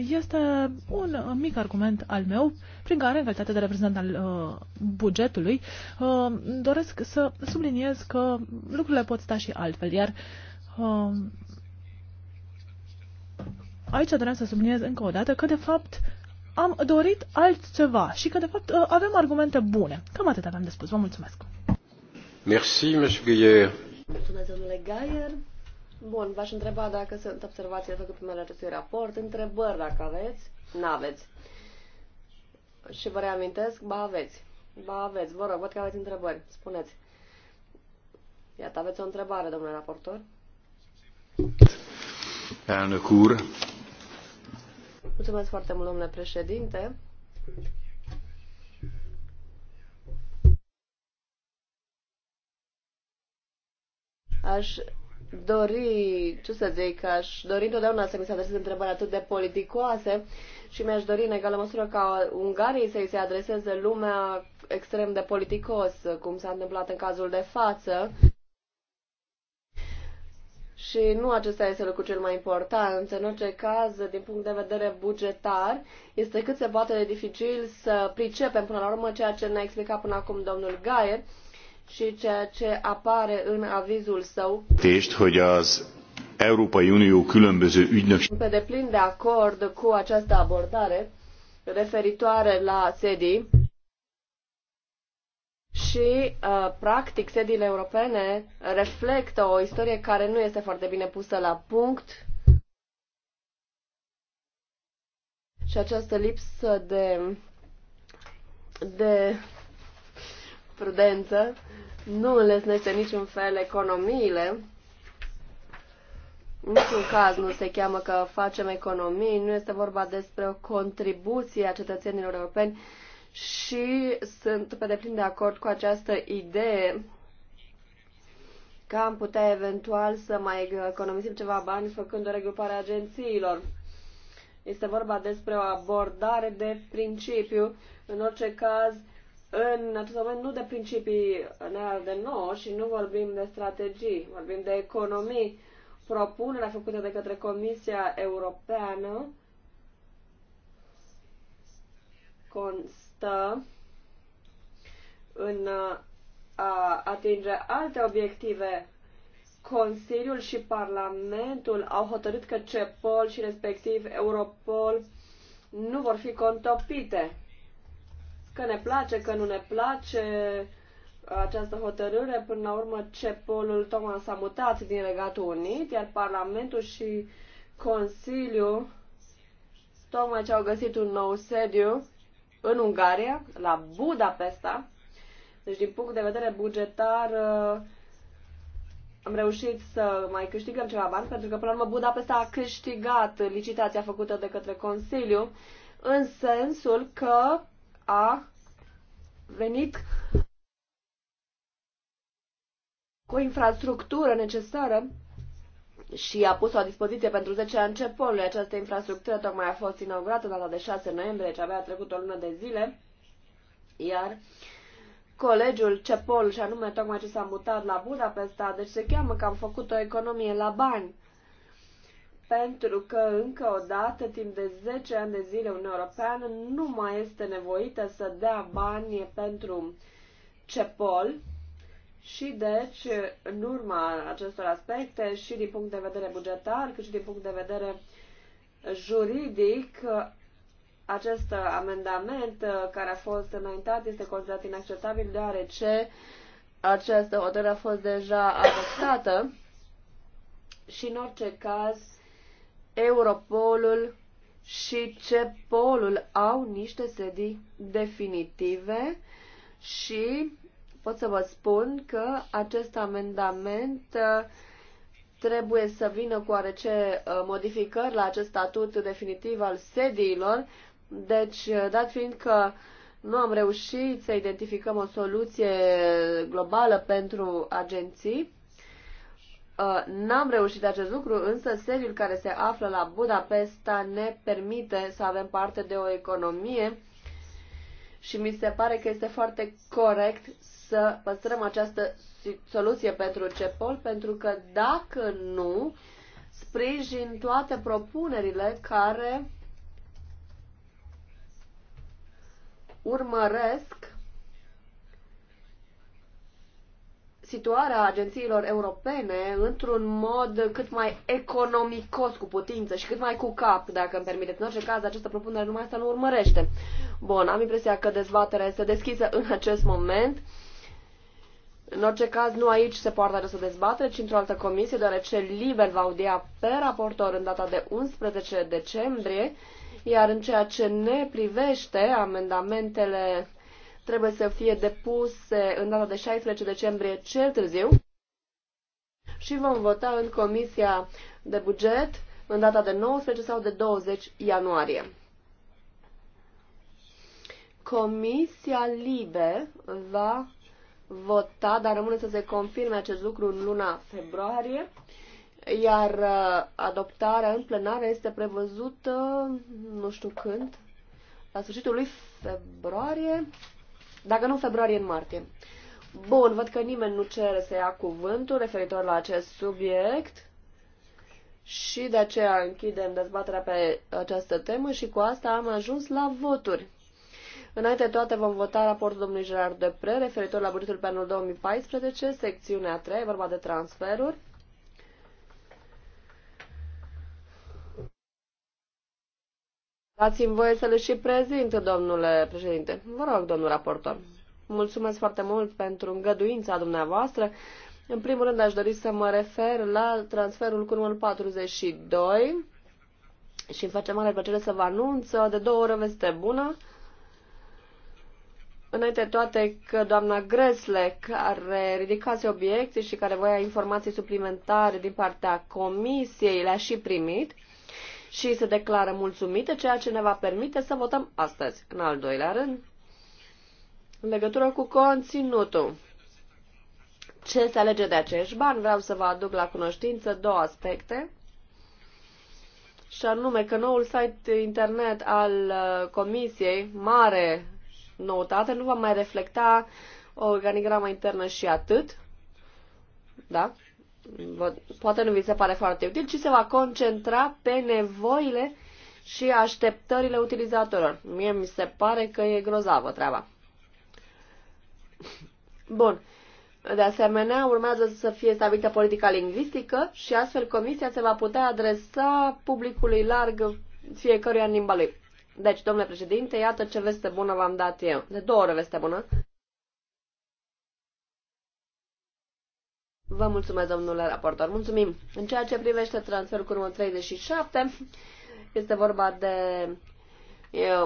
este un mic argument al meu prin care, în calitate de reprezentant al uh, bugetului, uh, doresc să subliniez că lucrurile pot sta și altfel, iar uh, aici doream să subliniez încă o dată că, de fapt, am dorit altceva și că, de fapt, ă, avem argumente bune. Cam atât aveam de spus. Vă mulțumesc. Merci, monsieur Guyer. Mulțumesc, domnule Gaier. Bun, v-aș întreba dacă sunt observațiile făcute pe mele acestui raport, întrebări dacă aveți, n-aveți. Și vă reamintesc, ba aveți. Ba aveți, vă rog, văd că aveți întrebări, spuneți. Iată, aveți o întrebare, domnule raportor. Elnök úr, Mulțumesc foarte mult, domnule președinte. Aș dori, ce să zic, aș dori întotdeauna să mi se adreseze întrebări atât de politicoase și mi-aș dori în egală măsură ca Ungariei să-i se adreseze lumea extrem de politicos, cum s-a întâmplat în cazul de față și nu acesta este lucrul cel mai important. În orice caz, din punct de vedere bugetar, este cât se poate de dificil să pricepem până la urmă ceea ce ne-a explicat până acum domnul Gaier și ceea ce apare în avizul său. Európai Unió különböző ügynökség... Pe deplin de acord cu această abordare referitoare la sedii și, uh, practic, sediile europene reflectă o istorie care nu este foarte bine pusă la punct și această lipsă de, de prudență nu înlesnește niciun fel economiile. Niciun caz nu se cheamă că facem economii, nu este vorba despre o contribuție a cetățenilor europeni și sunt pe deplin de acord cu această idee că am putea eventual să mai economisim ceva bani făcând o regrupare a agențiilor. Este vorba despre o abordare de principiu, în orice caz, în acest moment nu de principii neal de nou și nu vorbim de strategii, vorbim de economii. Propunerea făcută de către Comisia Europeană cons stă în a atinge alte obiective. Consiliul și Parlamentul au hotărât că CEPOL și respectiv Europol nu vor fi contopite. Că ne place, că nu ne place această hotărâre, până la urmă CEPOL-ul tocmai s-a mutat din Regatul Unit, iar Parlamentul și Consiliul tocmai ce au găsit un nou sediu în Ungaria, la Budapesta. Deci, din punct de vedere bugetar, uh, am reușit să mai câștigăm ceva bani, pentru că, până la urmă, Budapesta a câștigat licitația făcută de către Consiliu, în sensul că a venit cu o infrastructură necesară și a pus-o la dispoziție pentru 10 ani CEPOL-ului. Această infrastructură tocmai a fost inaugurată data de 6 noiembrie, deci avea trecut o lună de zile, iar colegiul CEPOL, și anume tocmai ce s-a mutat la Budapesta, deci se cheamă că am făcut o economie la bani. Pentru că, încă o dată, timp de 10 ani de zile, Uniunea Europeană nu mai este nevoită să dea bani pentru CEPOL, și deci, în urma acestor aspecte, și din punct de vedere bugetar, cât și din punct de vedere juridic, acest amendament care a fost înaintat este considerat inacceptabil deoarece această hotărâre a fost deja adoptată și în orice caz Europolul și CEPOLul au niște sedii definitive și pot să vă spun că acest amendament uh, trebuie să vină cu oarece uh, modificări la acest statut definitiv al sediilor. Deci, uh, dat fiind că nu am reușit să identificăm o soluție globală pentru agenții, N-am reușit acest lucru, însă sediul care se află la Budapesta ne permite să avem parte de o economie și mi se pare că este foarte corect să păstrăm această soluție pentru CEPOL, pentru că dacă nu, sprijin toate propunerile care urmăresc situarea agențiilor europene într-un mod cât mai economicos cu putință și cât mai cu cap, dacă îmi permiteți. În orice caz, această propunere numai să nu urmărește. Bun, am impresia că dezbaterea este deschisă în acest moment. În orice caz, nu aici se poartă această dezbatere, ci într-o altă comisie, deoarece Liber va audia pe raportor în data de 11 decembrie, iar în ceea ce ne privește, amendamentele trebuie să fie depuse în data de 16 decembrie cel târziu și vom vota în Comisia de Buget în data de 19 sau de 20 ianuarie. Comisia Libe va vota, dar rămâne să se confirme acest lucru în luna februarie, iar uh, adoptarea în plenară este prevăzută, nu știu când, la sfârșitul lui februarie, dacă nu februarie, în martie. Bun, văd că nimeni nu cere să ia cuvântul referitor la acest subiect și de aceea închidem dezbaterea pe această temă și cu asta am ajuns la voturi. Înainte de toate vom vota raportul domnului Gerard Depre referitor la bugetul pe anul 2014, secțiunea 3, vorba de transferuri. Dați-mi voie să le și prezint, domnule președinte. Vă rog, domnul raportor. Mulțumesc foarte mult pentru îngăduința dumneavoastră. În primul rând aș dori să mă refer la transferul cu numărul 42 și îmi face mare plăcere să vă anunț de două ore veste bună. Înainte toate că doamna Gresle, care ridicase obiecții și care voia informații suplimentare din partea comisiei, le-a și primit și se declară mulțumită, ceea ce ne va permite să votăm astăzi. În al doilea rând, în legătură cu conținutul, ce se alege de acești bani, vreau să vă aduc la cunoștință două aspecte și anume că noul site internet al uh, Comisiei, mare noutate, nu va mai reflecta organigrama internă și atât. Da? Poate nu vi se pare foarte util, ci se va concentra pe nevoile și așteptările utilizatorilor. Mie mi se pare că e grozavă treaba. Bun. De asemenea, urmează să fie stabilită politica lingvistică și astfel comisia se va putea adresa publicului larg fiecăruia în limba lui. Deci, domnule președinte, iată ce veste bună v-am dat eu. De două ore veste bună. Vă mulțumesc, domnule raportor. Mulțumim. În ceea ce privește transferul cu numărul 37, este vorba de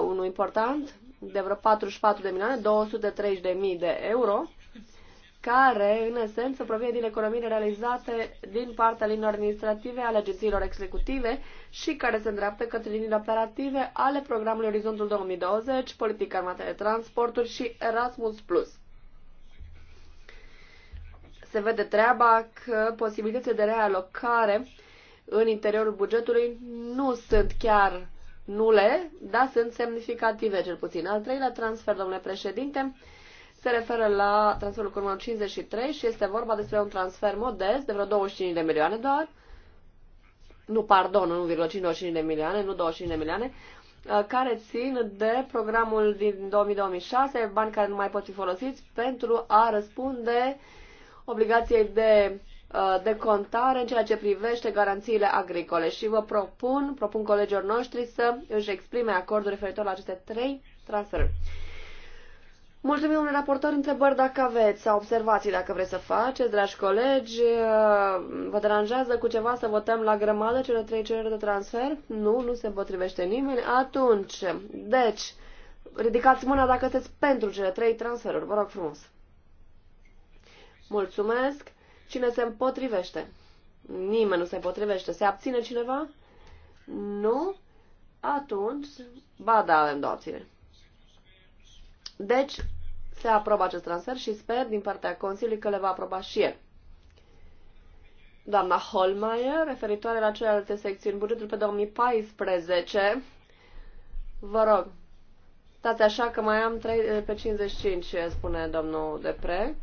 unul important, de vreo 44 de milioane, 230 de mii de euro care, în esență, provine din economiile realizate din partea linilor administrative ale agențiilor executive și care se îndreaptă către liniile operative ale programului Orizontul 2020, Politica în materie de transporturi și Erasmus+. Se vede treaba că posibilitățile de realocare în interiorul bugetului nu sunt chiar nule, dar sunt semnificative, cel puțin. Al treilea transfer, domnule președinte, se referă la transferul cu numărul 53 și este vorba despre un transfer modest de vreo 25 de milioane doar. Nu, pardon, 1,55 de milioane, nu 25 de milioane, uh, care țin de programul din 2006, bani care nu mai pot fi folosiți pentru a răspunde obligației de uh, de contare în ceea ce privește garanțiile agricole și vă propun, propun colegilor noștri să își exprime acordul referitor la aceste trei transferuri. Mulțumim, domnule raportor, întrebări dacă aveți sau observații dacă vreți să faceți, dragi colegi. Uh, vă deranjează cu ceva să votăm la grămadă cele trei cereri de transfer? Nu, nu se potrivește nimeni. Atunci, deci, ridicați mâna dacă sunteți pentru cele trei transferuri. Vă rog frumos. Mulțumesc. Cine se împotrivește? Nimeni nu se împotrivește. Se abține cineva? Nu? Atunci, ba da, avem două abțineri. Deci, se aprobă acest transfer și sper din partea Consiliului că le va aproba și el. Doamna Holmeier, referitoare la celelalte secțiuni, bugetul pe 2014, vă rog, stați așa că mai am 3, pe 55, spune domnul Depre,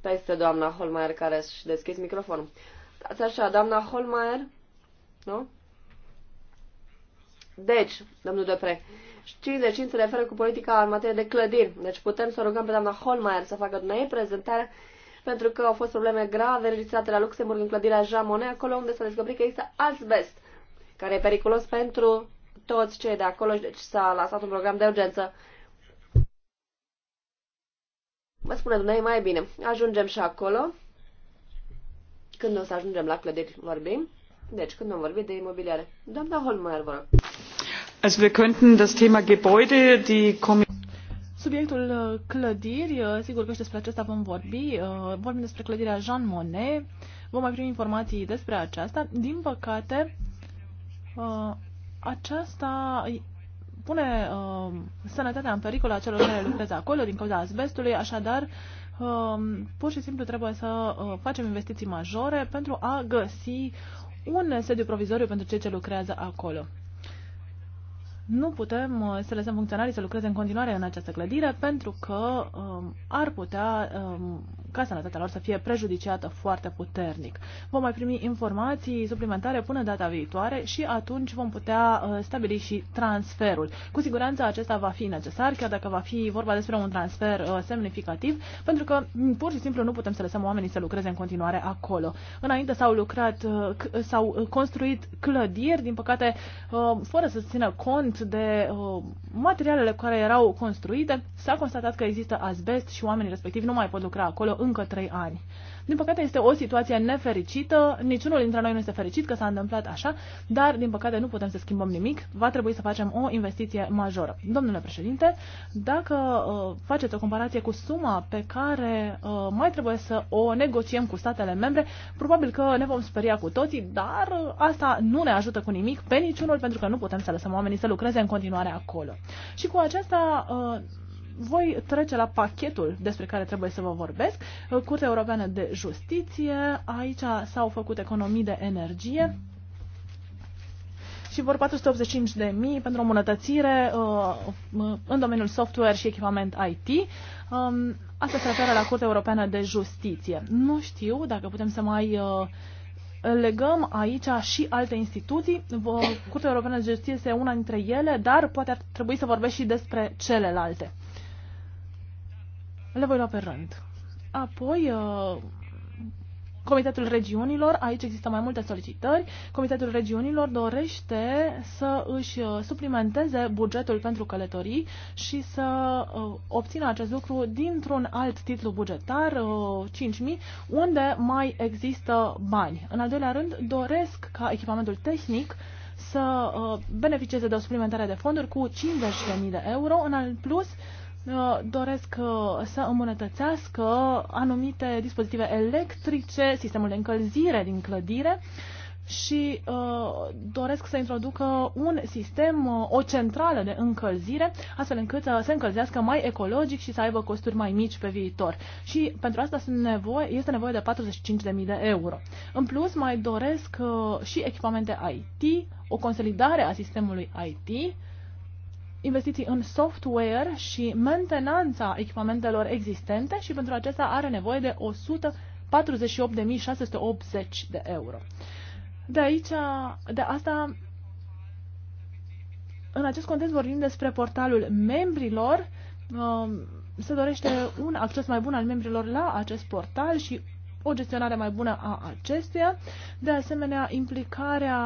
peste doamna Holmeier care și deschis microfonul. Stați așa, doamna Holmeier, nu? Deci, domnul Depre, uh, 55 se referă cu politica în materie de clădiri. Deci putem să rugăm pe doamna Holmeier să facă dumneavoastră prezentarea pentru că au fost probleme grave registrate la Luxemburg în clădirea Jean Monnet, acolo unde s-a descoperit că există asbest, care e periculos pentru toți cei de acolo și deci s-a lansat un program de urgență. Mă spune dumneavoastră mai bine. Ajungem și acolo. Când o să ajungem la clădiri, vorbim. Deci, când am vorbit de imobiliare. Doamna Holmeier, vă rog. Subiectul clădiri, sigur că și despre acesta vom vorbi. Uh, vorbim despre clădirea Jean Monnet. Vom mai primi informații despre aceasta. Din păcate, uh, aceasta pune uh, sănătatea în pericol a celor care lucrează acolo din cauza asbestului, așadar pur și simplu trebuie să facem investiții majore pentru a găsi un sediu provizoriu pentru cei ce lucrează acolo nu putem uh, să lăsăm funcționarii să lucreze în continuare în această clădire pentru că um, ar putea um, ca sănătatea lor să fie prejudiciată foarte puternic. Vom mai primi informații suplimentare până data viitoare și atunci vom putea uh, stabili și transferul. Cu siguranță acesta va fi necesar, chiar dacă va fi vorba despre un transfer uh, semnificativ, pentru că mm, pur și simplu nu putem să lăsăm oamenii să lucreze în continuare acolo. Înainte s-au lucrat, uh, s-au construit clădiri, din păcate, fără să țină cont de materialele care erau construite, s-a constatat că există asbest și oamenii respectivi nu mai pot lucra acolo încă trei ani. Din păcate este o situație nefericită, niciunul dintre noi nu este fericit că s-a întâmplat așa, dar din păcate nu putem să schimbăm nimic, va trebui să facem o investiție majoră. Domnule președinte, dacă uh, faceți o comparație cu suma pe care uh, mai trebuie să o negociem cu statele membre, probabil că ne vom speria cu toții, dar uh, asta nu ne ajută cu nimic pe niciunul pentru că nu putem să lăsăm oamenii să lucreze în continuare acolo. Și cu aceasta uh, voi trece la pachetul despre care trebuie să vă vorbesc. Curtea Europeană de Justiție, aici s-au făcut economii de energie și vor 485 de mii pentru o îmbunătățire uh, în domeniul software și echipament IT. Um, asta se referă la Curtea Europeană de Justiție. Nu știu dacă putem să mai uh, legăm aici și alte instituții. Curtea Europeană de Justiție este una dintre ele, dar poate ar trebui să vorbesc și despre celelalte. Le voi lua pe rând. Apoi, uh, Comitetul Regiunilor, aici există mai multe solicitări. Comitetul Regiunilor dorește să își uh, suplimenteze bugetul pentru călătorii și să uh, obțină acest lucru dintr-un alt titlu bugetar, 5.000, unde mai există bani. În al doilea rând, doresc ca echipamentul tehnic să beneficieze de o suplimentare de fonduri cu 50.000 de euro. În al plus, Uh, doresc uh, să îmbunătățească anumite dispozitive electrice, sistemul de încălzire din clădire și uh, doresc să introducă un sistem, o centrală de încălzire, astfel încât să se încălzească mai ecologic și să aibă costuri mai mici pe viitor. Și pentru asta nevoie, este nevoie de 45.000 de euro. În plus, mai doresc și echipamente IT, o consolidare a sistemului IT, investiții în software și mentenanța echipamentelor existente și pentru acesta are nevoie de 148.680 de euro. De aici, de asta, în acest context vorbim despre portalul membrilor. Um, se dorește un acces mai bun al membrilor la acest portal și o gestionare mai bună a acestuia. De asemenea, implicarea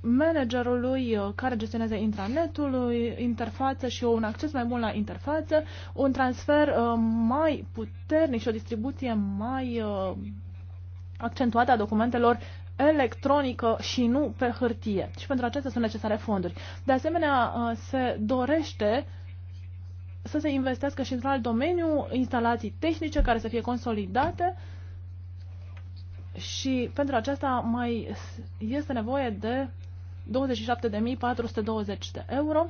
managerului uh, care gestionează intranetul, uh, interfață și un acces mai bun la interfață, un transfer uh, mai puternic și o distribuție mai accentuată a documentelor electronică și nu pe hârtie. Și pentru acestea sunt necesare fonduri. De asemenea, se dorește să se investească și într-un alt domeniu, instalații tehnice care să fie consolidate și pentru aceasta mai este nevoie de 27.420 de euro.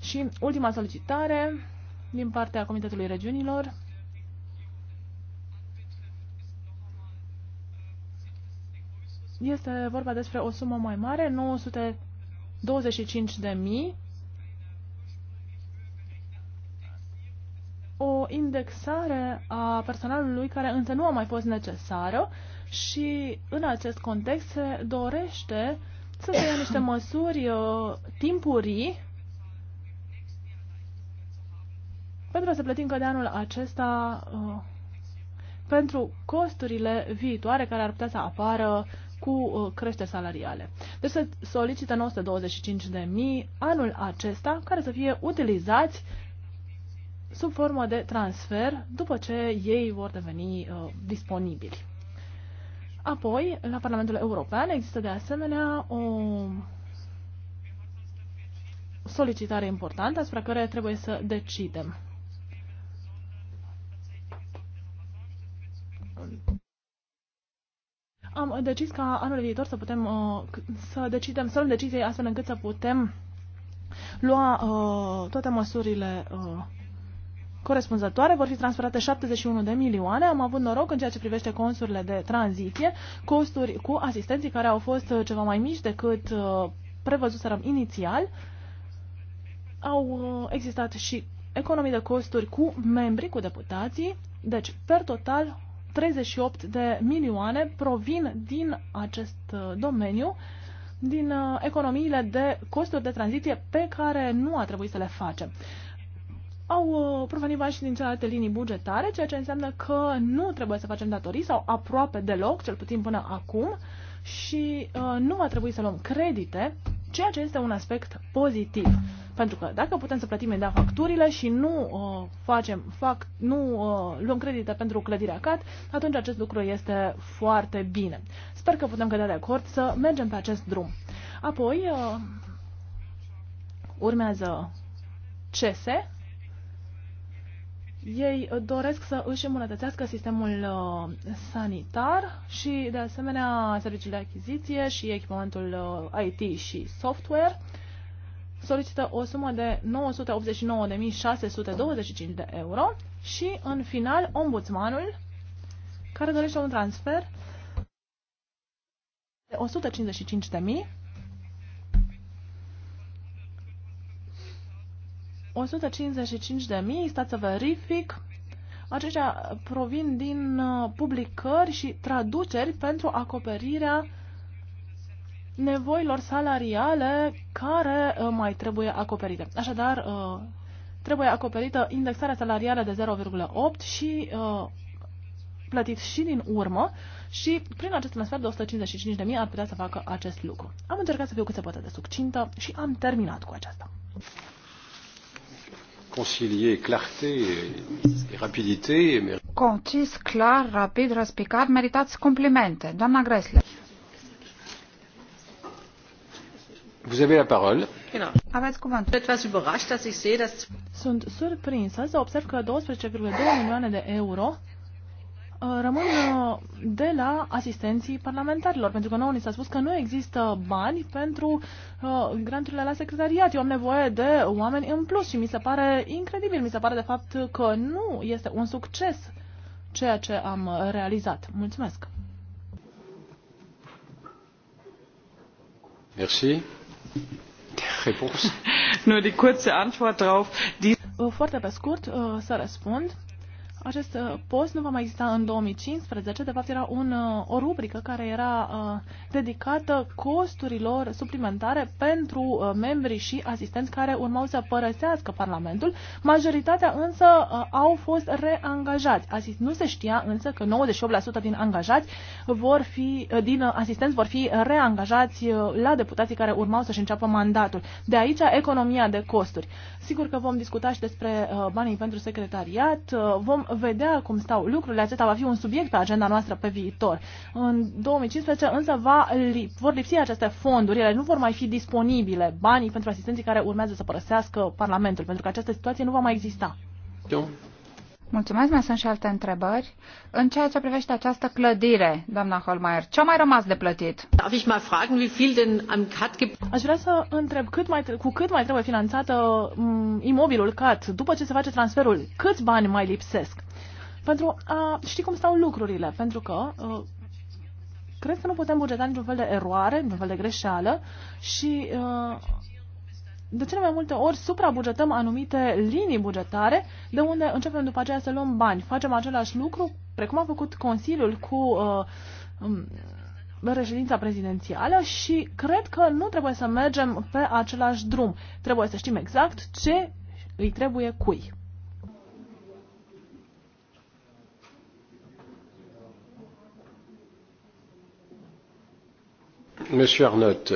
Și ultima solicitare din partea Comitetului Regiunilor este vorba despre o sumă mai mare, 925 de mii. O indexare a personalului care însă nu a mai fost necesară și în acest context se dorește uh, să se ia niște măsuri uh, timpurii pentru a se plăti încă de anul acesta uh, pentru costurile viitoare care ar putea să apară cu uh, creșteri salariale. Deci se solicită 925.000 anul acesta care să fie utilizați sub formă de transfer după ce ei vor deveni uh, disponibili. Apoi, la Parlamentul European există de asemenea o solicitare importantă asupra care trebuie să decidem. Am decis ca anul viitor să putem uh, să decidem, să luăm decizii astfel încât să putem lua uh, toate măsurile uh, corespunzătoare vor fi transferate 71 de milioane. Am avut noroc în ceea ce privește consurile de tranziție, costuri cu asistenții care au fost uh, ceva mai mici decât uh, prevăzuserăm inițial. Au uh, existat și economii de costuri cu membrii, cu deputații, deci per total 38 de milioane provin din acest domeniu, din economiile de costuri de tranziție pe care nu a trebuit să le facem au uh, provenit bani și din celelalte linii bugetare, ceea ce înseamnă că nu trebuie să facem datorii sau aproape deloc, cel puțin până acum, și uh, nu va trebui să luăm credite, ceea ce este un aspect pozitiv. Pentru că dacă putem să plătim imediat facturile și nu uh, facem, fac, nu uh, luăm credite pentru clădirea CAT, atunci acest lucru este foarte bine. Sper că putem cădea de acord să mergem pe acest drum. Apoi uh, urmează CESE, ei uh, doresc să își îmbunătățească sistemul uh, sanitar și, de asemenea, serviciile de achiziție și echipamentul uh, IT și software solicită o sumă de 989.625 de euro și, în final, ombudsmanul, care dorește un transfer de 155.000 155 de mii, stați să verific, aceștia provin din uh, publicări și traduceri pentru acoperirea nevoilor salariale care uh, mai trebuie acoperite. Așadar, uh, trebuie acoperită indexarea salarială de 0,8 și plătit și din urmă și prin acest transfer de 155.000 ar putea să facă acest lucru. Am încercat să fiu cât se poate de succintă și am terminat cu aceasta concilier clarté et rapidité. Concis, clar, rapid, răspicat, meritați complimente. Doamna Gressler. Vous avez la parole. Sunt surprinsă să observ că 12,2 milioane de euro Uh, rămân uh, de la asistenții parlamentarilor, pentru că nouă ni s-a spus că nu există bani pentru uh, granturile la secretariat. Eu am nevoie de oameni în plus și mi se pare incredibil, mi se pare de fapt că nu este un succes ceea ce am realizat. Mulțumesc! Merci. Nur die kurze Antwort drauf. Die... Foarte pe scurt să răspund acest uh, post nu va mai exista în 2015, de fapt era un, uh, o rubrică care era uh, dedicată costurilor suplimentare pentru uh, membrii și asistenți care urmau să părăsească Parlamentul. Majoritatea însă uh, au fost reangajați. Asist nu se știa însă că 98% din angajați vor fi, uh, din uh, asistenți vor fi reangajați uh, la deputații care urmau să-și înceapă mandatul. De aici economia de costuri. Sigur că vom discuta și despre uh, banii pentru secretariat, uh, vom vedea cum stau lucrurile. Acesta va fi un subiect pe agenda noastră pe viitor. În 2015 însă va lip, vor lipsi aceste fonduri, ele nu vor mai fi disponibile, banii pentru asistenții care urmează să părăsească Parlamentul, pentru că această situație nu va mai exista. Mulțumesc, mai sunt și alte întrebări. În ceea ce privește această clădire, doamna Holmeier, ce-a mai rămas de plătit? Aș vrea să întreb cât mai, cu cât mai trebuie finanțată mm, imobilul CAT după ce se face transferul, câți bani mai lipsesc? Pentru a ști cum stau lucrurile, pentru că uh, cred că nu putem bugeta niciun fel de eroare, niciun fel de greșeală și uh, de cele mai multe ori suprabugetăm anumite linii bugetare, de unde începem după aceea să luăm bani. Facem același lucru, precum a făcut Consiliul cu uh, um, reședința prezidențială și cred că nu trebuie să mergem pe același drum. Trebuie să știm exact ce îi trebuie cui. Monsieur Arnott,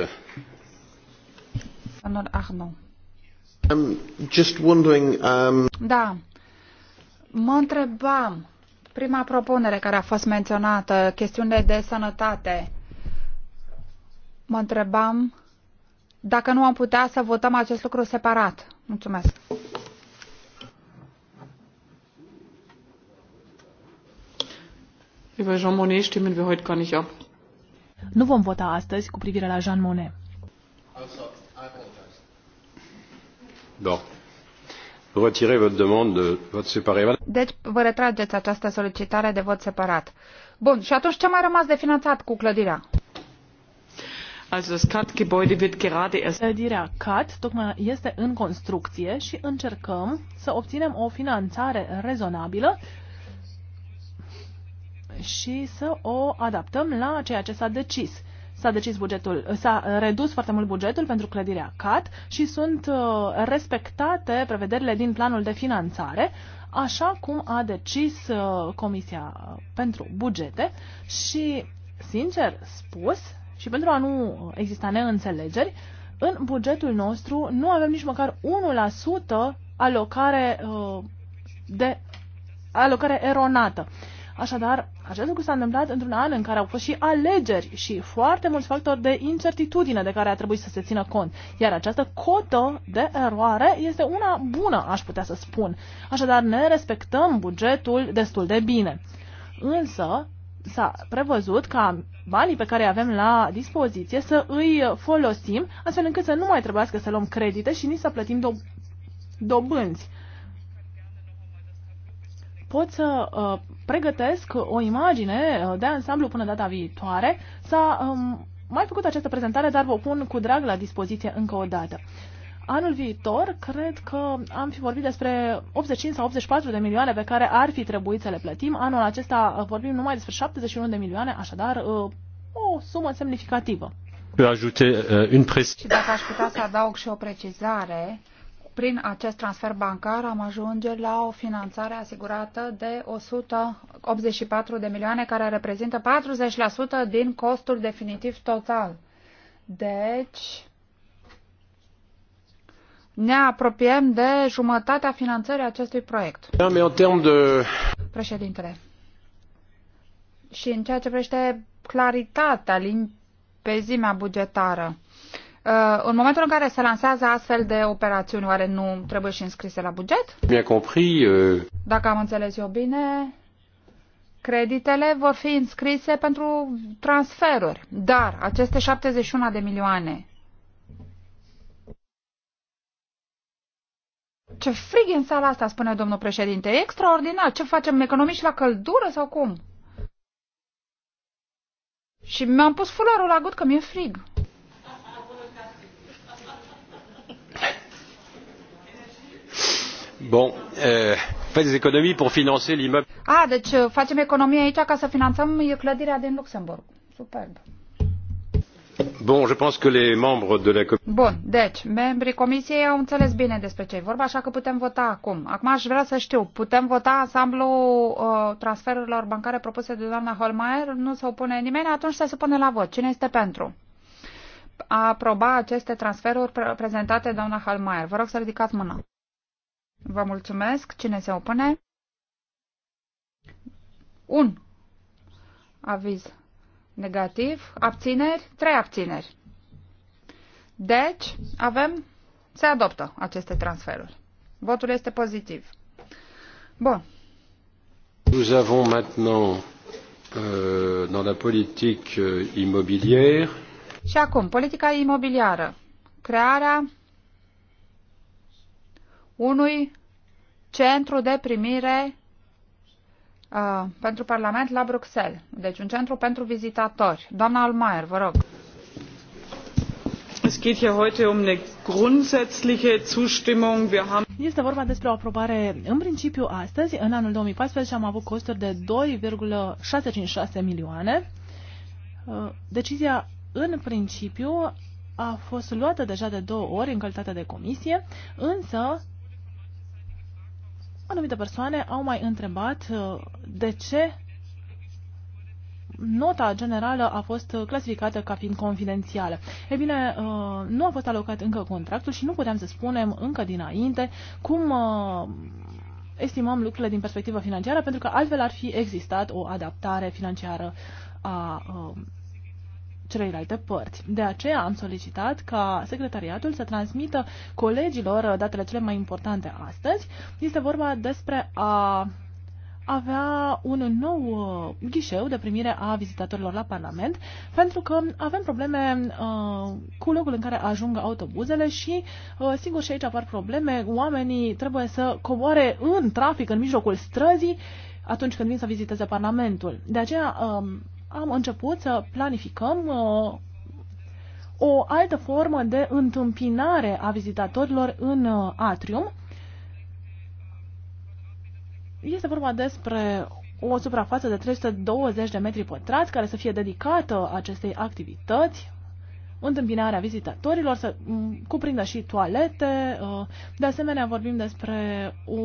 Domnul Arno. I'm just wondering, um... Da. Mă întrebam, prima propunere care a fost menționată, chestiunile de sănătate, mă întrebam dacă nu am putea să votăm acest lucru separat. Mulțumesc. Über Jean Monnet stimmen wir heute gar nicht ab. Nu vom vota astăzi cu privire la Jean Monnet. Also. Da. Retirez votre demande de vote séparé. Deci vă retrageți această solicitare de vot separat. Bun, și atunci ce mai rămas de finanțat cu clădirea? Also das gebäude wird gerade erst Clădirea CAT tocmai este în construcție și încercăm să obținem o finanțare rezonabilă și să o adaptăm la ceea ce s-a decis. S-a decis bugetul, s-a redus foarte mult bugetul pentru clădirea CAT și sunt uh, respectate prevederile din planul de finanțare, așa cum a decis uh, Comisia pentru Bugete și, sincer spus, și pentru a nu exista neînțelegeri, în bugetul nostru nu avem nici măcar 1% alocare uh, de alocare eronată. Așadar, acest lucru s-a întâmplat într-un an în care au fost și alegeri și foarte mulți factori de incertitudine de care a trebuit să se țină cont. Iar această cotă de eroare este una bună, aș putea să spun. Așadar, ne respectăm bugetul destul de bine. Însă, s-a prevăzut ca banii pe care îi avem la dispoziție să îi folosim astfel încât să nu mai trebuiască să luăm credite și nici să plătim do- dobânzi pot să uh, pregătesc o imagine uh, de ansamblu până data viitoare. S-a um, mai făcut această prezentare, dar vă pun cu drag la dispoziție încă o dată. Anul viitor, cred că am fi vorbit despre 85 sau 84 de milioane pe care ar fi trebuit să le plătim. Anul acesta uh, vorbim numai despre 71 de milioane, așadar uh, o sumă semnificativă. Uh, și dacă aș putea să adaug și o precizare, prin acest transfer bancar am ajunge la o finanțare asigurată de 184 de milioane, care reprezintă 40% din costul definitiv total. Deci, ne apropiem de jumătatea finanțării acestui proiect. Da, de... Președintele. Și în ceea ce privește claritatea, limpezimea bugetară, Uh, în momentul în care se lansează astfel de operațiuni, oare nu trebuie și înscrise la buget? Bine compris. Uh, Dacă am înțeles eu bine, creditele vor fi înscrise pentru transferuri, dar aceste 71 de milioane Ce frig în sala asta, spune domnul președinte. E extraordinar. Ce facem, și la căldură sau cum? Și mi-am pus fularul la gât că mi-e frig. Bun. Euh, Faceți economii pentru finanțe l'immeuble. Ah, deci uh, facem economie aici ca să finanțăm clădirea din Luxemburg. Superb. Bun, je pense que les membres de la Bun, deci, membrii comisiei au înțeles bine despre ce e vorba, așa că putem vota acum. Acum aș vrea să știu, putem vota ansamblu uh, transferurilor bancare propuse de doamna Holmeier? Nu se opune nimeni? Atunci să se pune la vot. Cine este pentru? A aproba aceste transferuri pre prezentate doamna Holmeier. Vă rog să ridicați mâna. Vă mulțumesc. Cine se opune? Un aviz negativ, abțineri, trei abțineri. Deci, avem, se adoptă aceste transferuri. Votul este pozitiv. Bun. Nous avons maintenant euh, dans la politique euh, immobilière. Și acum, politica imobiliară. Crearea unui centru de primire uh, pentru Parlament la Bruxelles. Deci un centru pentru vizitatori. Doamna Almaier, vă rog. Es geht hier heute um eine grundsätzliche Zustimmung. Wir haben este vorba despre o aprobare în principiu astăzi. În anul 2014 am avut costuri de 2,656 milioane. Uh, decizia în principiu a fost luată deja de două ori în calitate de comisie, însă anumite persoane au mai întrebat uh, de ce nota generală a fost clasificată ca fiind confidențială. Ei bine, uh, nu a fost alocat încă contractul și nu puteam să spunem încă dinainte cum uh, estimăm lucrurile din perspectivă financiară, pentru că altfel ar fi existat o adaptare financiară a celelalte părți. De aceea am solicitat ca secretariatul să transmită colegilor uh, datele cele mai importante astăzi. Este vorba despre a avea un nou uh, ghișeu de primire a vizitatorilor la Parlament, pentru că avem probleme uh, cu locul în care ajung autobuzele și, uh, sigur, și aici apar probleme. Oamenii trebuie să coboare în trafic, în mijlocul străzii, atunci când vin să viziteze Parlamentul. De aceea, uh, am început să planificăm uh, o altă formă de întâmpinare a vizitatorilor în uh, atrium. Este vorba despre o suprafață de 320 de metri pătrați care să fie dedicată acestei activități, întâmpinarea vizitatorilor, să mm, cuprindă și toalete. Uh, de asemenea, vorbim despre o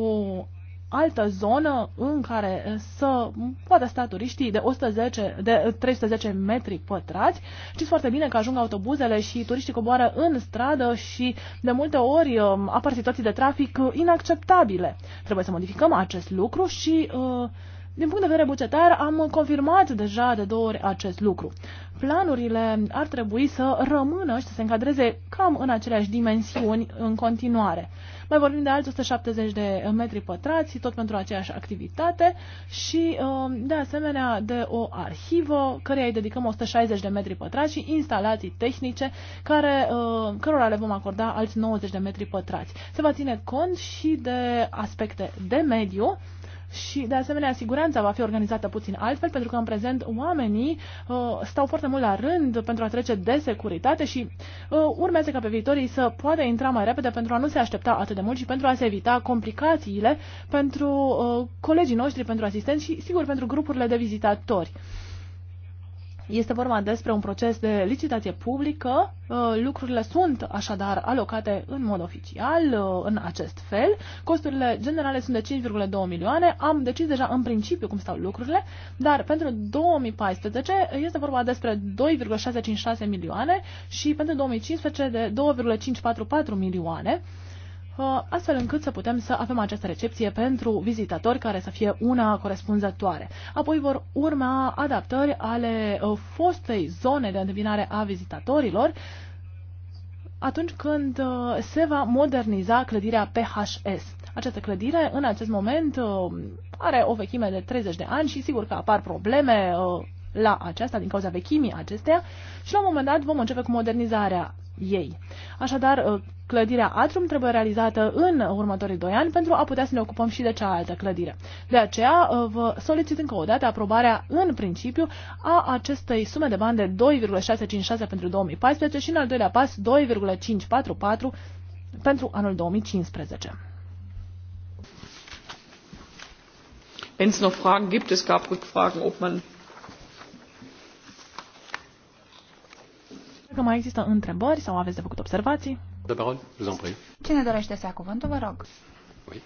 altă zonă în care eh, să poată sta turiștii de, 110, de 310 metri pătrați. Știți foarte bine că ajung autobuzele și turiștii coboară în stradă și de multe ori eh, apar situații de trafic eh, inacceptabile. Trebuie să modificăm acest lucru și din punct de vedere bugetar am confirmat deja de două ori acest lucru. Planurile ar trebui să rămână și să se încadreze cam în aceleași dimensiuni în continuare. Mai vorbim de alți 170 de uh, metri pătrați, tot pentru aceeași activitate și, um, de asemenea, de o arhivă care îi dedicăm 160 de metri pătrați și instalații tehnice care, uh, cărora le vom acorda alți 90 de metri pătrați. Se va ține cont și de aspecte de mediu, și, de asemenea, siguranța va fi organizată puțin altfel, pentru că în prezent oamenii uh, stau foarte mult la rând pentru a trece de securitate și uh, urmează ca pe viitorii să poată intra mai repede pentru a nu se aștepta atât de mult și pentru a se evita complicațiile pentru uh, colegii noștri, pentru asistenți și, sigur, pentru grupurile de vizitatori. Este vorba despre un proces de licitație publică. Uh, lucrurile sunt așadar alocate în mod oficial, uh, în acest fel. Costurile generale sunt de 5,2 milioane. Am decis deja în principiu cum stau lucrurile, dar pentru 2014 este vorba despre 2,656 milioane și pentru 2015 de 2,544 milioane. Ă, astfel încât să putem să avem această recepție pentru vizitatori care să fie una corespunzătoare. Apoi vor urma adaptări ale ă, fostei zone de întâmpinare a vizitatorilor atunci când ă, se va moderniza clădirea PHS. Această clădire în acest moment are o vechime de 30 de ani și sigur că apar probleme la aceasta din cauza vechimii acesteia și la un moment dat vom începe cu modernizarea ei. Așadar, uh, clădirea Atrum trebuie realizată în următorii doi ani pentru a putea să ne ocupăm și de cealaltă clădire. De aceea uh, vă solicit încă o dată aprobarea în principiu a acestei sume de bani de 2,656 pentru 2014 și în al doilea pas 2,544 pentru anul 2015. Wenn es noch Fragen gibt, es gab Rückfragen, ob man Dacă mai există întrebări sau aveți de făcut observații... De parol, vă en prie. Cine dorește să ia cuvântul, vă rog. Oui.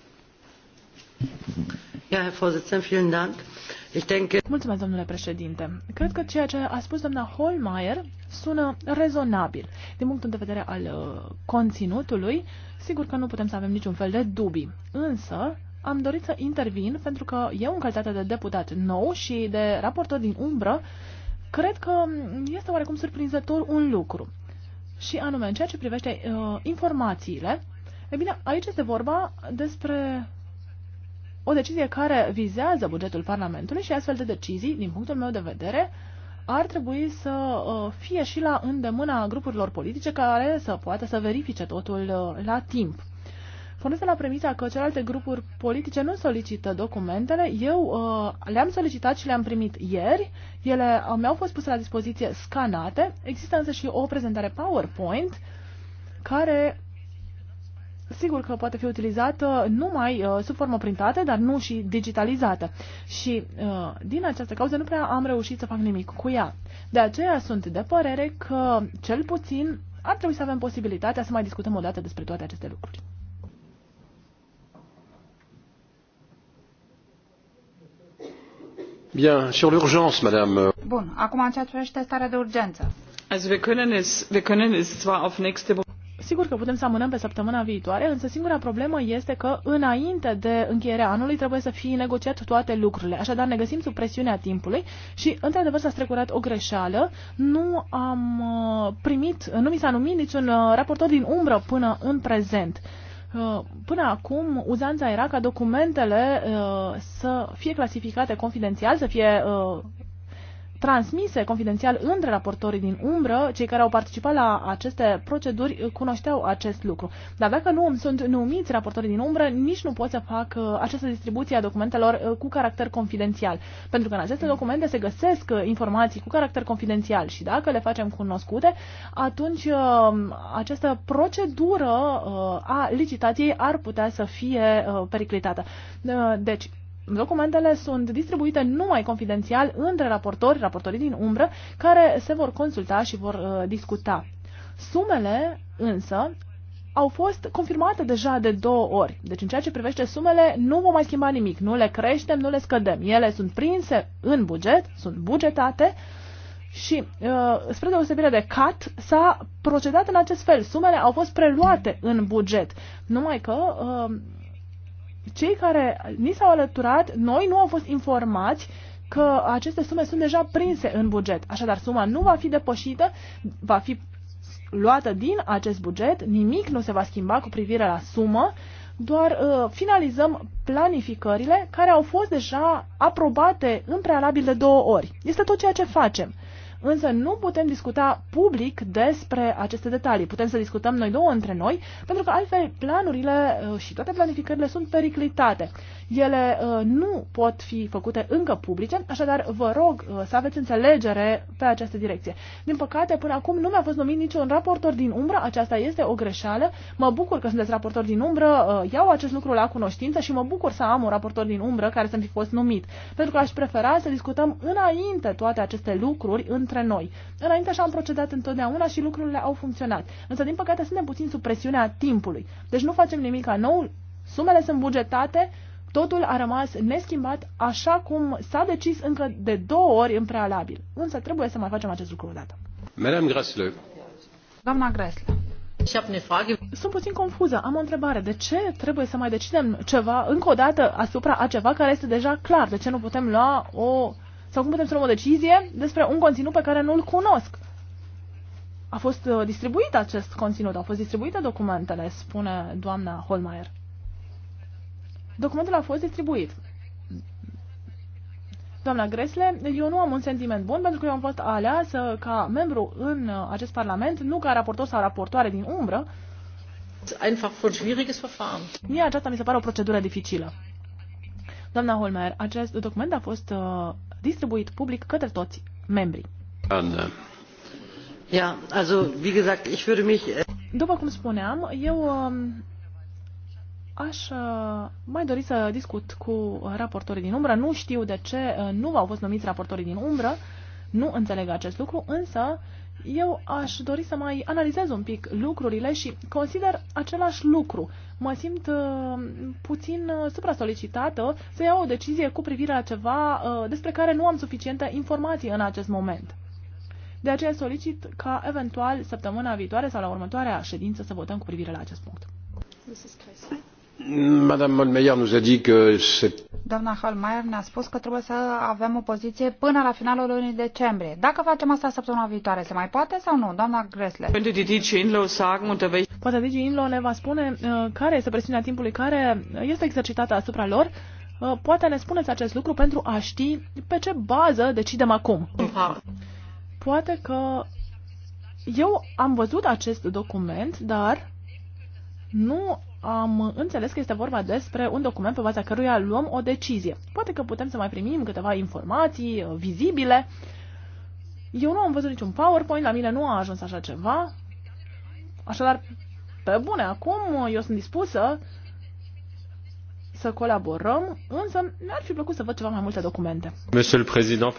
Mulțumesc, domnule președinte. Cred că ceea ce a spus doamna Holmeier sună rezonabil. Din punctul de vedere al uh, conținutului, sigur că nu putem să avem niciun fel de dubii. Însă, am dorit să intervin pentru că eu, în calitate de deputat nou și de raportor din umbră, uh, Cred că este oarecum surprinzător un lucru. Și anume, în ceea ce privește uh, informațiile, e bine, aici este vorba despre o decizie care vizează bugetul Parlamentului și astfel de decizii, din punctul meu de vedere, ar trebui să uh, fie și la îndemâna grupurilor politice care să poată să verifice totul uh, la timp pornesc de la premisa că celelalte grupuri politice nu solicită documentele. Eu uh, le-am solicitat și le-am primit ieri. Ele uh, mi-au fost puse la dispoziție scanate. Există însă și o prezentare PowerPoint care sigur că poate fi utilizată numai uh, sub formă printată, dar nu și digitalizată. Și uh, din această cauză nu prea am reușit să fac nimic cu ea. De aceea sunt de părere că cel puțin ar trebui să avem posibilitatea să mai discutăm o dată despre toate aceste lucruri. Bien, sur l'urgence, madame. Bun, acum în ceea ce privește starea de urgență. Also wir können es, wir können es zwar auf nächste Sigur că putem să amânăm pe săptămâna viitoare, însă singura problemă este că înainte de încheierea anului trebuie să fie negociat toate lucrurile. Așadar ne găsim sub presiunea timpului și într-adevăr s-a strecurat o greșeală. Nu am uh, primit, nu mi s-a numit niciun uh, raportor din umbră până în prezent. Uh, până acum, uzanța era ca documentele uh, să fie clasificate confidențial, să fie uh, transmise confidențial între raportorii din umbră, cei care au participat la aceste proceduri cunoșteau acest lucru. Dar dacă nu sunt numiți raportorii din umbră, nici nu pot să fac uh, această distribuție a documentelor uh, cu caracter confidențial. Pentru că în aceste documente se găsesc uh, informații cu caracter confidențial și dacă le facem cunoscute, atunci um, această procedură a licitației ar putea să fie periclitată. Deci, documentele sunt distribuite numai confidențial între raportori, raportorii din umbră, care se vor consulta și vor uh, discuta. Sumele, însă, au fost confirmate deja de două ori. Deci în ceea ce privește sumele, nu vom mai schimba nimic. Nu le creștem, nu le scădem. Ele sunt prinse în buget, sunt bugetate și, uh, spre deosebire de CAT, s-a procedat în acest fel. Sumele au fost preluate în buget. Numai că uh, cei care ni s-au alăturat, noi nu au fost informați că aceste sume sunt deja prinse în buget. Așadar, suma nu va fi depășită, va fi luată din acest buget, nimic nu se va schimba cu privire la sumă, doar uh, finalizăm planificările care au fost deja aprobate în prealabil de două ori. Este tot ceea ce facem însă nu putem discuta public despre aceste detalii. Putem să discutăm noi două între noi, pentru că altfel planurile uh, și toate planificările sunt periclitate. Ele uh, nu pot fi făcute încă publice, așadar vă rog uh, să aveți înțelegere pe această direcție. Din păcate, până acum nu mi-a fost numit niciun raportor din umbră, aceasta este o greșeală. Mă bucur că sunteți raportor din umbră, uh, iau acest lucru la cunoștință și mă bucur să am un raportor din umbră care să-mi fi fost numit, pentru că aș prefera să discutăm înainte toate aceste lucruri între noi. Înainte așa am procedat întotdeauna și lucrurile au funcționat. Însă, din păcate, suntem puțin sub presiunea timpului. Deci nu facem nimic nou, sumele sunt bugetate Totul a rămas neschimbat așa cum s-a decis încă de două ori în prealabil. Însă trebuie să mai facem acest lucru odată. Madame Grasle. Doamna Grasle. Sunt puțin confuză. Am o întrebare. De ce trebuie să mai decidem ceva încă o dată asupra a ceva care este deja clar? De ce nu putem lua o... sau cum putem să luăm o decizie despre un conținut pe care nu-l cunosc? A fost uh, distribuit acest conținut, au fost distribuite documentele, spune doamna Holmeier. Documentul a fost distribuit. Doamna Gresle, eu nu am un sentiment bun pentru că eu am fost aleasă ca membru în uh, acest parlament, nu ca raportor sau raportoare din umbră. Mie aceasta mi se pare o procedură dificilă. Doamna Holmer, acest document a fost uh, distribuit public către toți membrii. Uh, După cum spuneam, eu um, Aș uh, mai dori să discut cu raportorii din umbră. Nu știu de ce uh, nu v-au fost numiți raportorii din umbră. Nu înțeleg acest lucru, însă eu aș dori să mai analizez un pic lucrurile și consider același lucru. Mă simt uh, puțin uh, supra-solicitată să iau o decizie cu privire la ceva uh, despre care nu am suficientă informații în acest moment. De aceea solicit ca eventual săptămâna viitoare sau la următoarea ședință să votăm cu privire la acest punct. This is Doamna hohlmeier ne-a spus că trebuie să avem o poziție până la finalul lunii decembrie. Dacă facem asta săptămâna viitoare, se mai poate sau nu? Doamna Gresle. Poate Digi Inlo ne va spune uh, care este presiunea timpului care este exercitată asupra lor. Uh, poate ne spuneți acest lucru pentru a ști pe ce bază decidem acum. Poate că eu am văzut acest document, dar nu am înțeles că este vorba despre un document pe baza căruia luăm o decizie. Poate că putem să mai primim câteva informații uh, vizibile. Eu nu am văzut niciun PowerPoint, la mine nu a ajuns așa ceva. Așadar, pe bune, acum eu sunt dispusă să colaborăm, însă mi-ar fi plăcut să văd ceva mai multe documente. Monsieur le Président,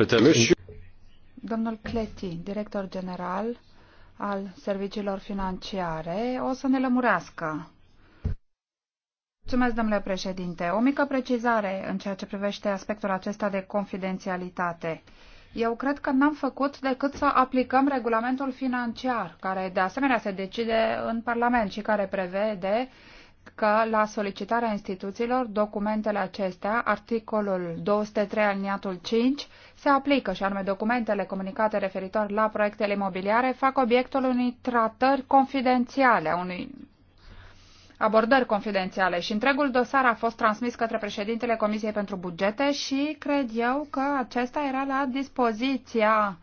Domnul Cleti, director general al serviciilor financiare, o să ne lămurească Mulțumesc, domnule președinte. O mică precizare în ceea ce privește aspectul acesta de confidențialitate. Eu cred că n-am făcut decât să aplicăm regulamentul financiar, care de asemenea se decide în Parlament și care prevede că la solicitarea instituțiilor, documentele acestea, articolul 203 aliniatul 5, se aplică și anume documentele comunicate referitor la proiectele imobiliare fac obiectul unui tratări confidențiale, a unui abordări confidențiale și întregul dosar a fost transmis către președintele Comisiei pentru Bugete și cred eu că acesta era la dispoziția,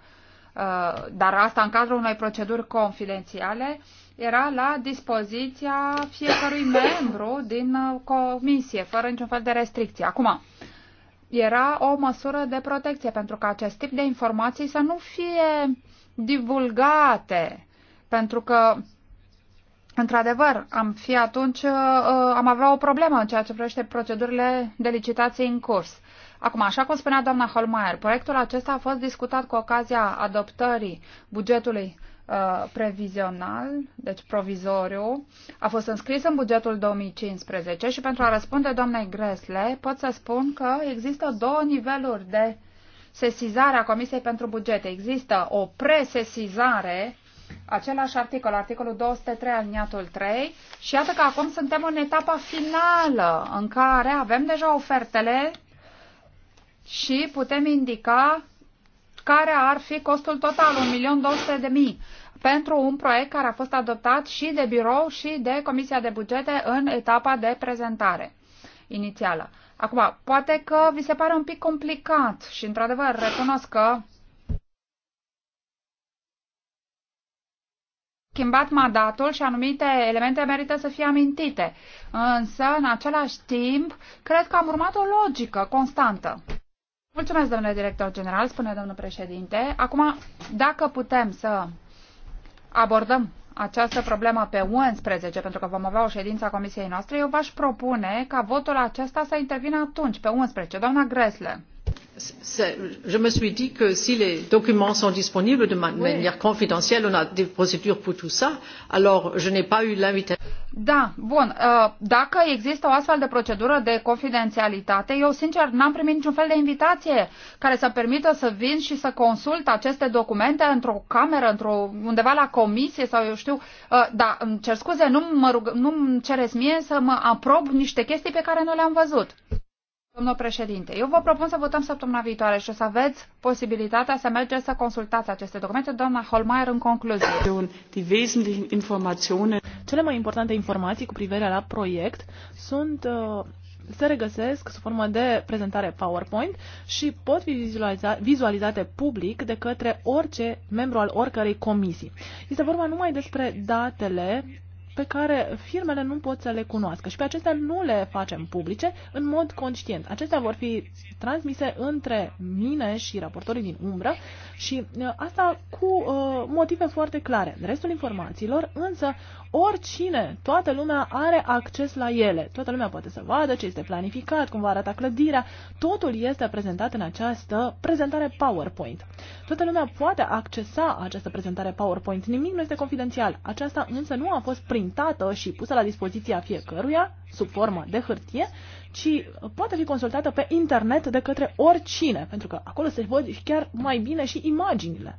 uh, dar asta în cadrul unei proceduri confidențiale, era la dispoziția fiecărui membru din uh, comisie, fără niciun fel de restricție. Acum, era o măsură de protecție pentru că acest tip de informații să nu fie divulgate, pentru că Într-adevăr, am fi atunci, uh, am avea o problemă în ceea ce privește procedurile de licitație în curs. Acum, așa cum spunea doamna Holmeier, proiectul acesta a fost discutat cu ocazia adoptării bugetului uh, previzional, deci provizoriu, a fost înscris în bugetul 2015 și pentru a răspunde doamnei Gresle pot să spun că există două niveluri de sesizare a Comisiei pentru Bugete. Există o presesizare același articol, articolul 203 aliniatul 3 și iată că acum suntem în etapa finală în care avem deja ofertele și putem indica care ar fi costul total, 1.200.000 pentru un proiect care a fost adoptat și de birou și de Comisia de Bugete în etapa de prezentare inițială. Acum, poate că vi se pare un pic complicat și, într-adevăr, recunosc că schimbat mandatul și anumite elemente merită să fie amintite. Însă, în același timp, cred că am urmat o logică constantă. Mulțumesc, domnule director general, spune domnul președinte. Acum, dacă putem să abordăm această problemă pe 11, pentru că vom avea o ședință a comisiei noastre, eu v-aș propune ca votul acesta să intervină atunci, pe 11. Doamna Gresle je me suis dit que si les documents sont disponibles de manière confidentielle, on a des procédures pour tout ça, alors je n'ai pas eu l'invitation. Da, bun. Uh, dacă există o astfel de procedură de confidențialitate, eu sincer n-am primit niciun fel de invitație care să permită să vin și să consult aceste documente într-o cameră, într-o, undeva la comisie sau eu știu. Uh, da, îmi cer scuze, nu mă rug, nu-mi cereți mie să mă aprob niște chestii pe care nu le-am văzut. Domnul președinte, eu vă propun să votăm săptămâna viitoare și o să aveți posibilitatea să mergeți să consultați aceste documente. Doamna Holmeier, în concluzie. Cele mai importante informații cu privire la proiect sunt uh, se regăsesc sub formă de prezentare PowerPoint și pot fi vizualiza vizualizate public de către orice membru al oricărei comisii. Este vorba numai despre datele pe care firmele nu pot să le cunoască și pe acestea nu le facem publice în mod conștient. Acestea vor fi transmise între mine și raportorii din umbră și uh, asta cu uh, motive foarte clare. Restul informațiilor însă oricine, toată lumea are acces la ele. Toată lumea poate să vadă ce este planificat, cum va arata clădirea. Totul este prezentat în această prezentare PowerPoint. Toată lumea poate accesa această prezentare PowerPoint. Nimic nu este confidențial. Aceasta însă nu a fost printată și pusă la dispoziția fiecăruia sub formă de hârtie, ci poate fi consultată pe internet de către oricine, pentru că acolo se văd chiar mai bine și imaginile.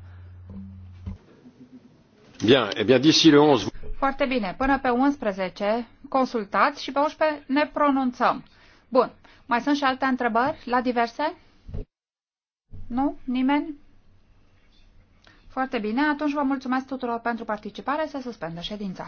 Bien, eh bien d'ici le 11 foarte bine. Până pe 11 consultați și pe 11 ne pronunțăm. Bun. Mai sunt și alte întrebări la diverse? Nu? Nimeni? Foarte bine. Atunci vă mulțumesc tuturor pentru participare. Se suspendă ședința.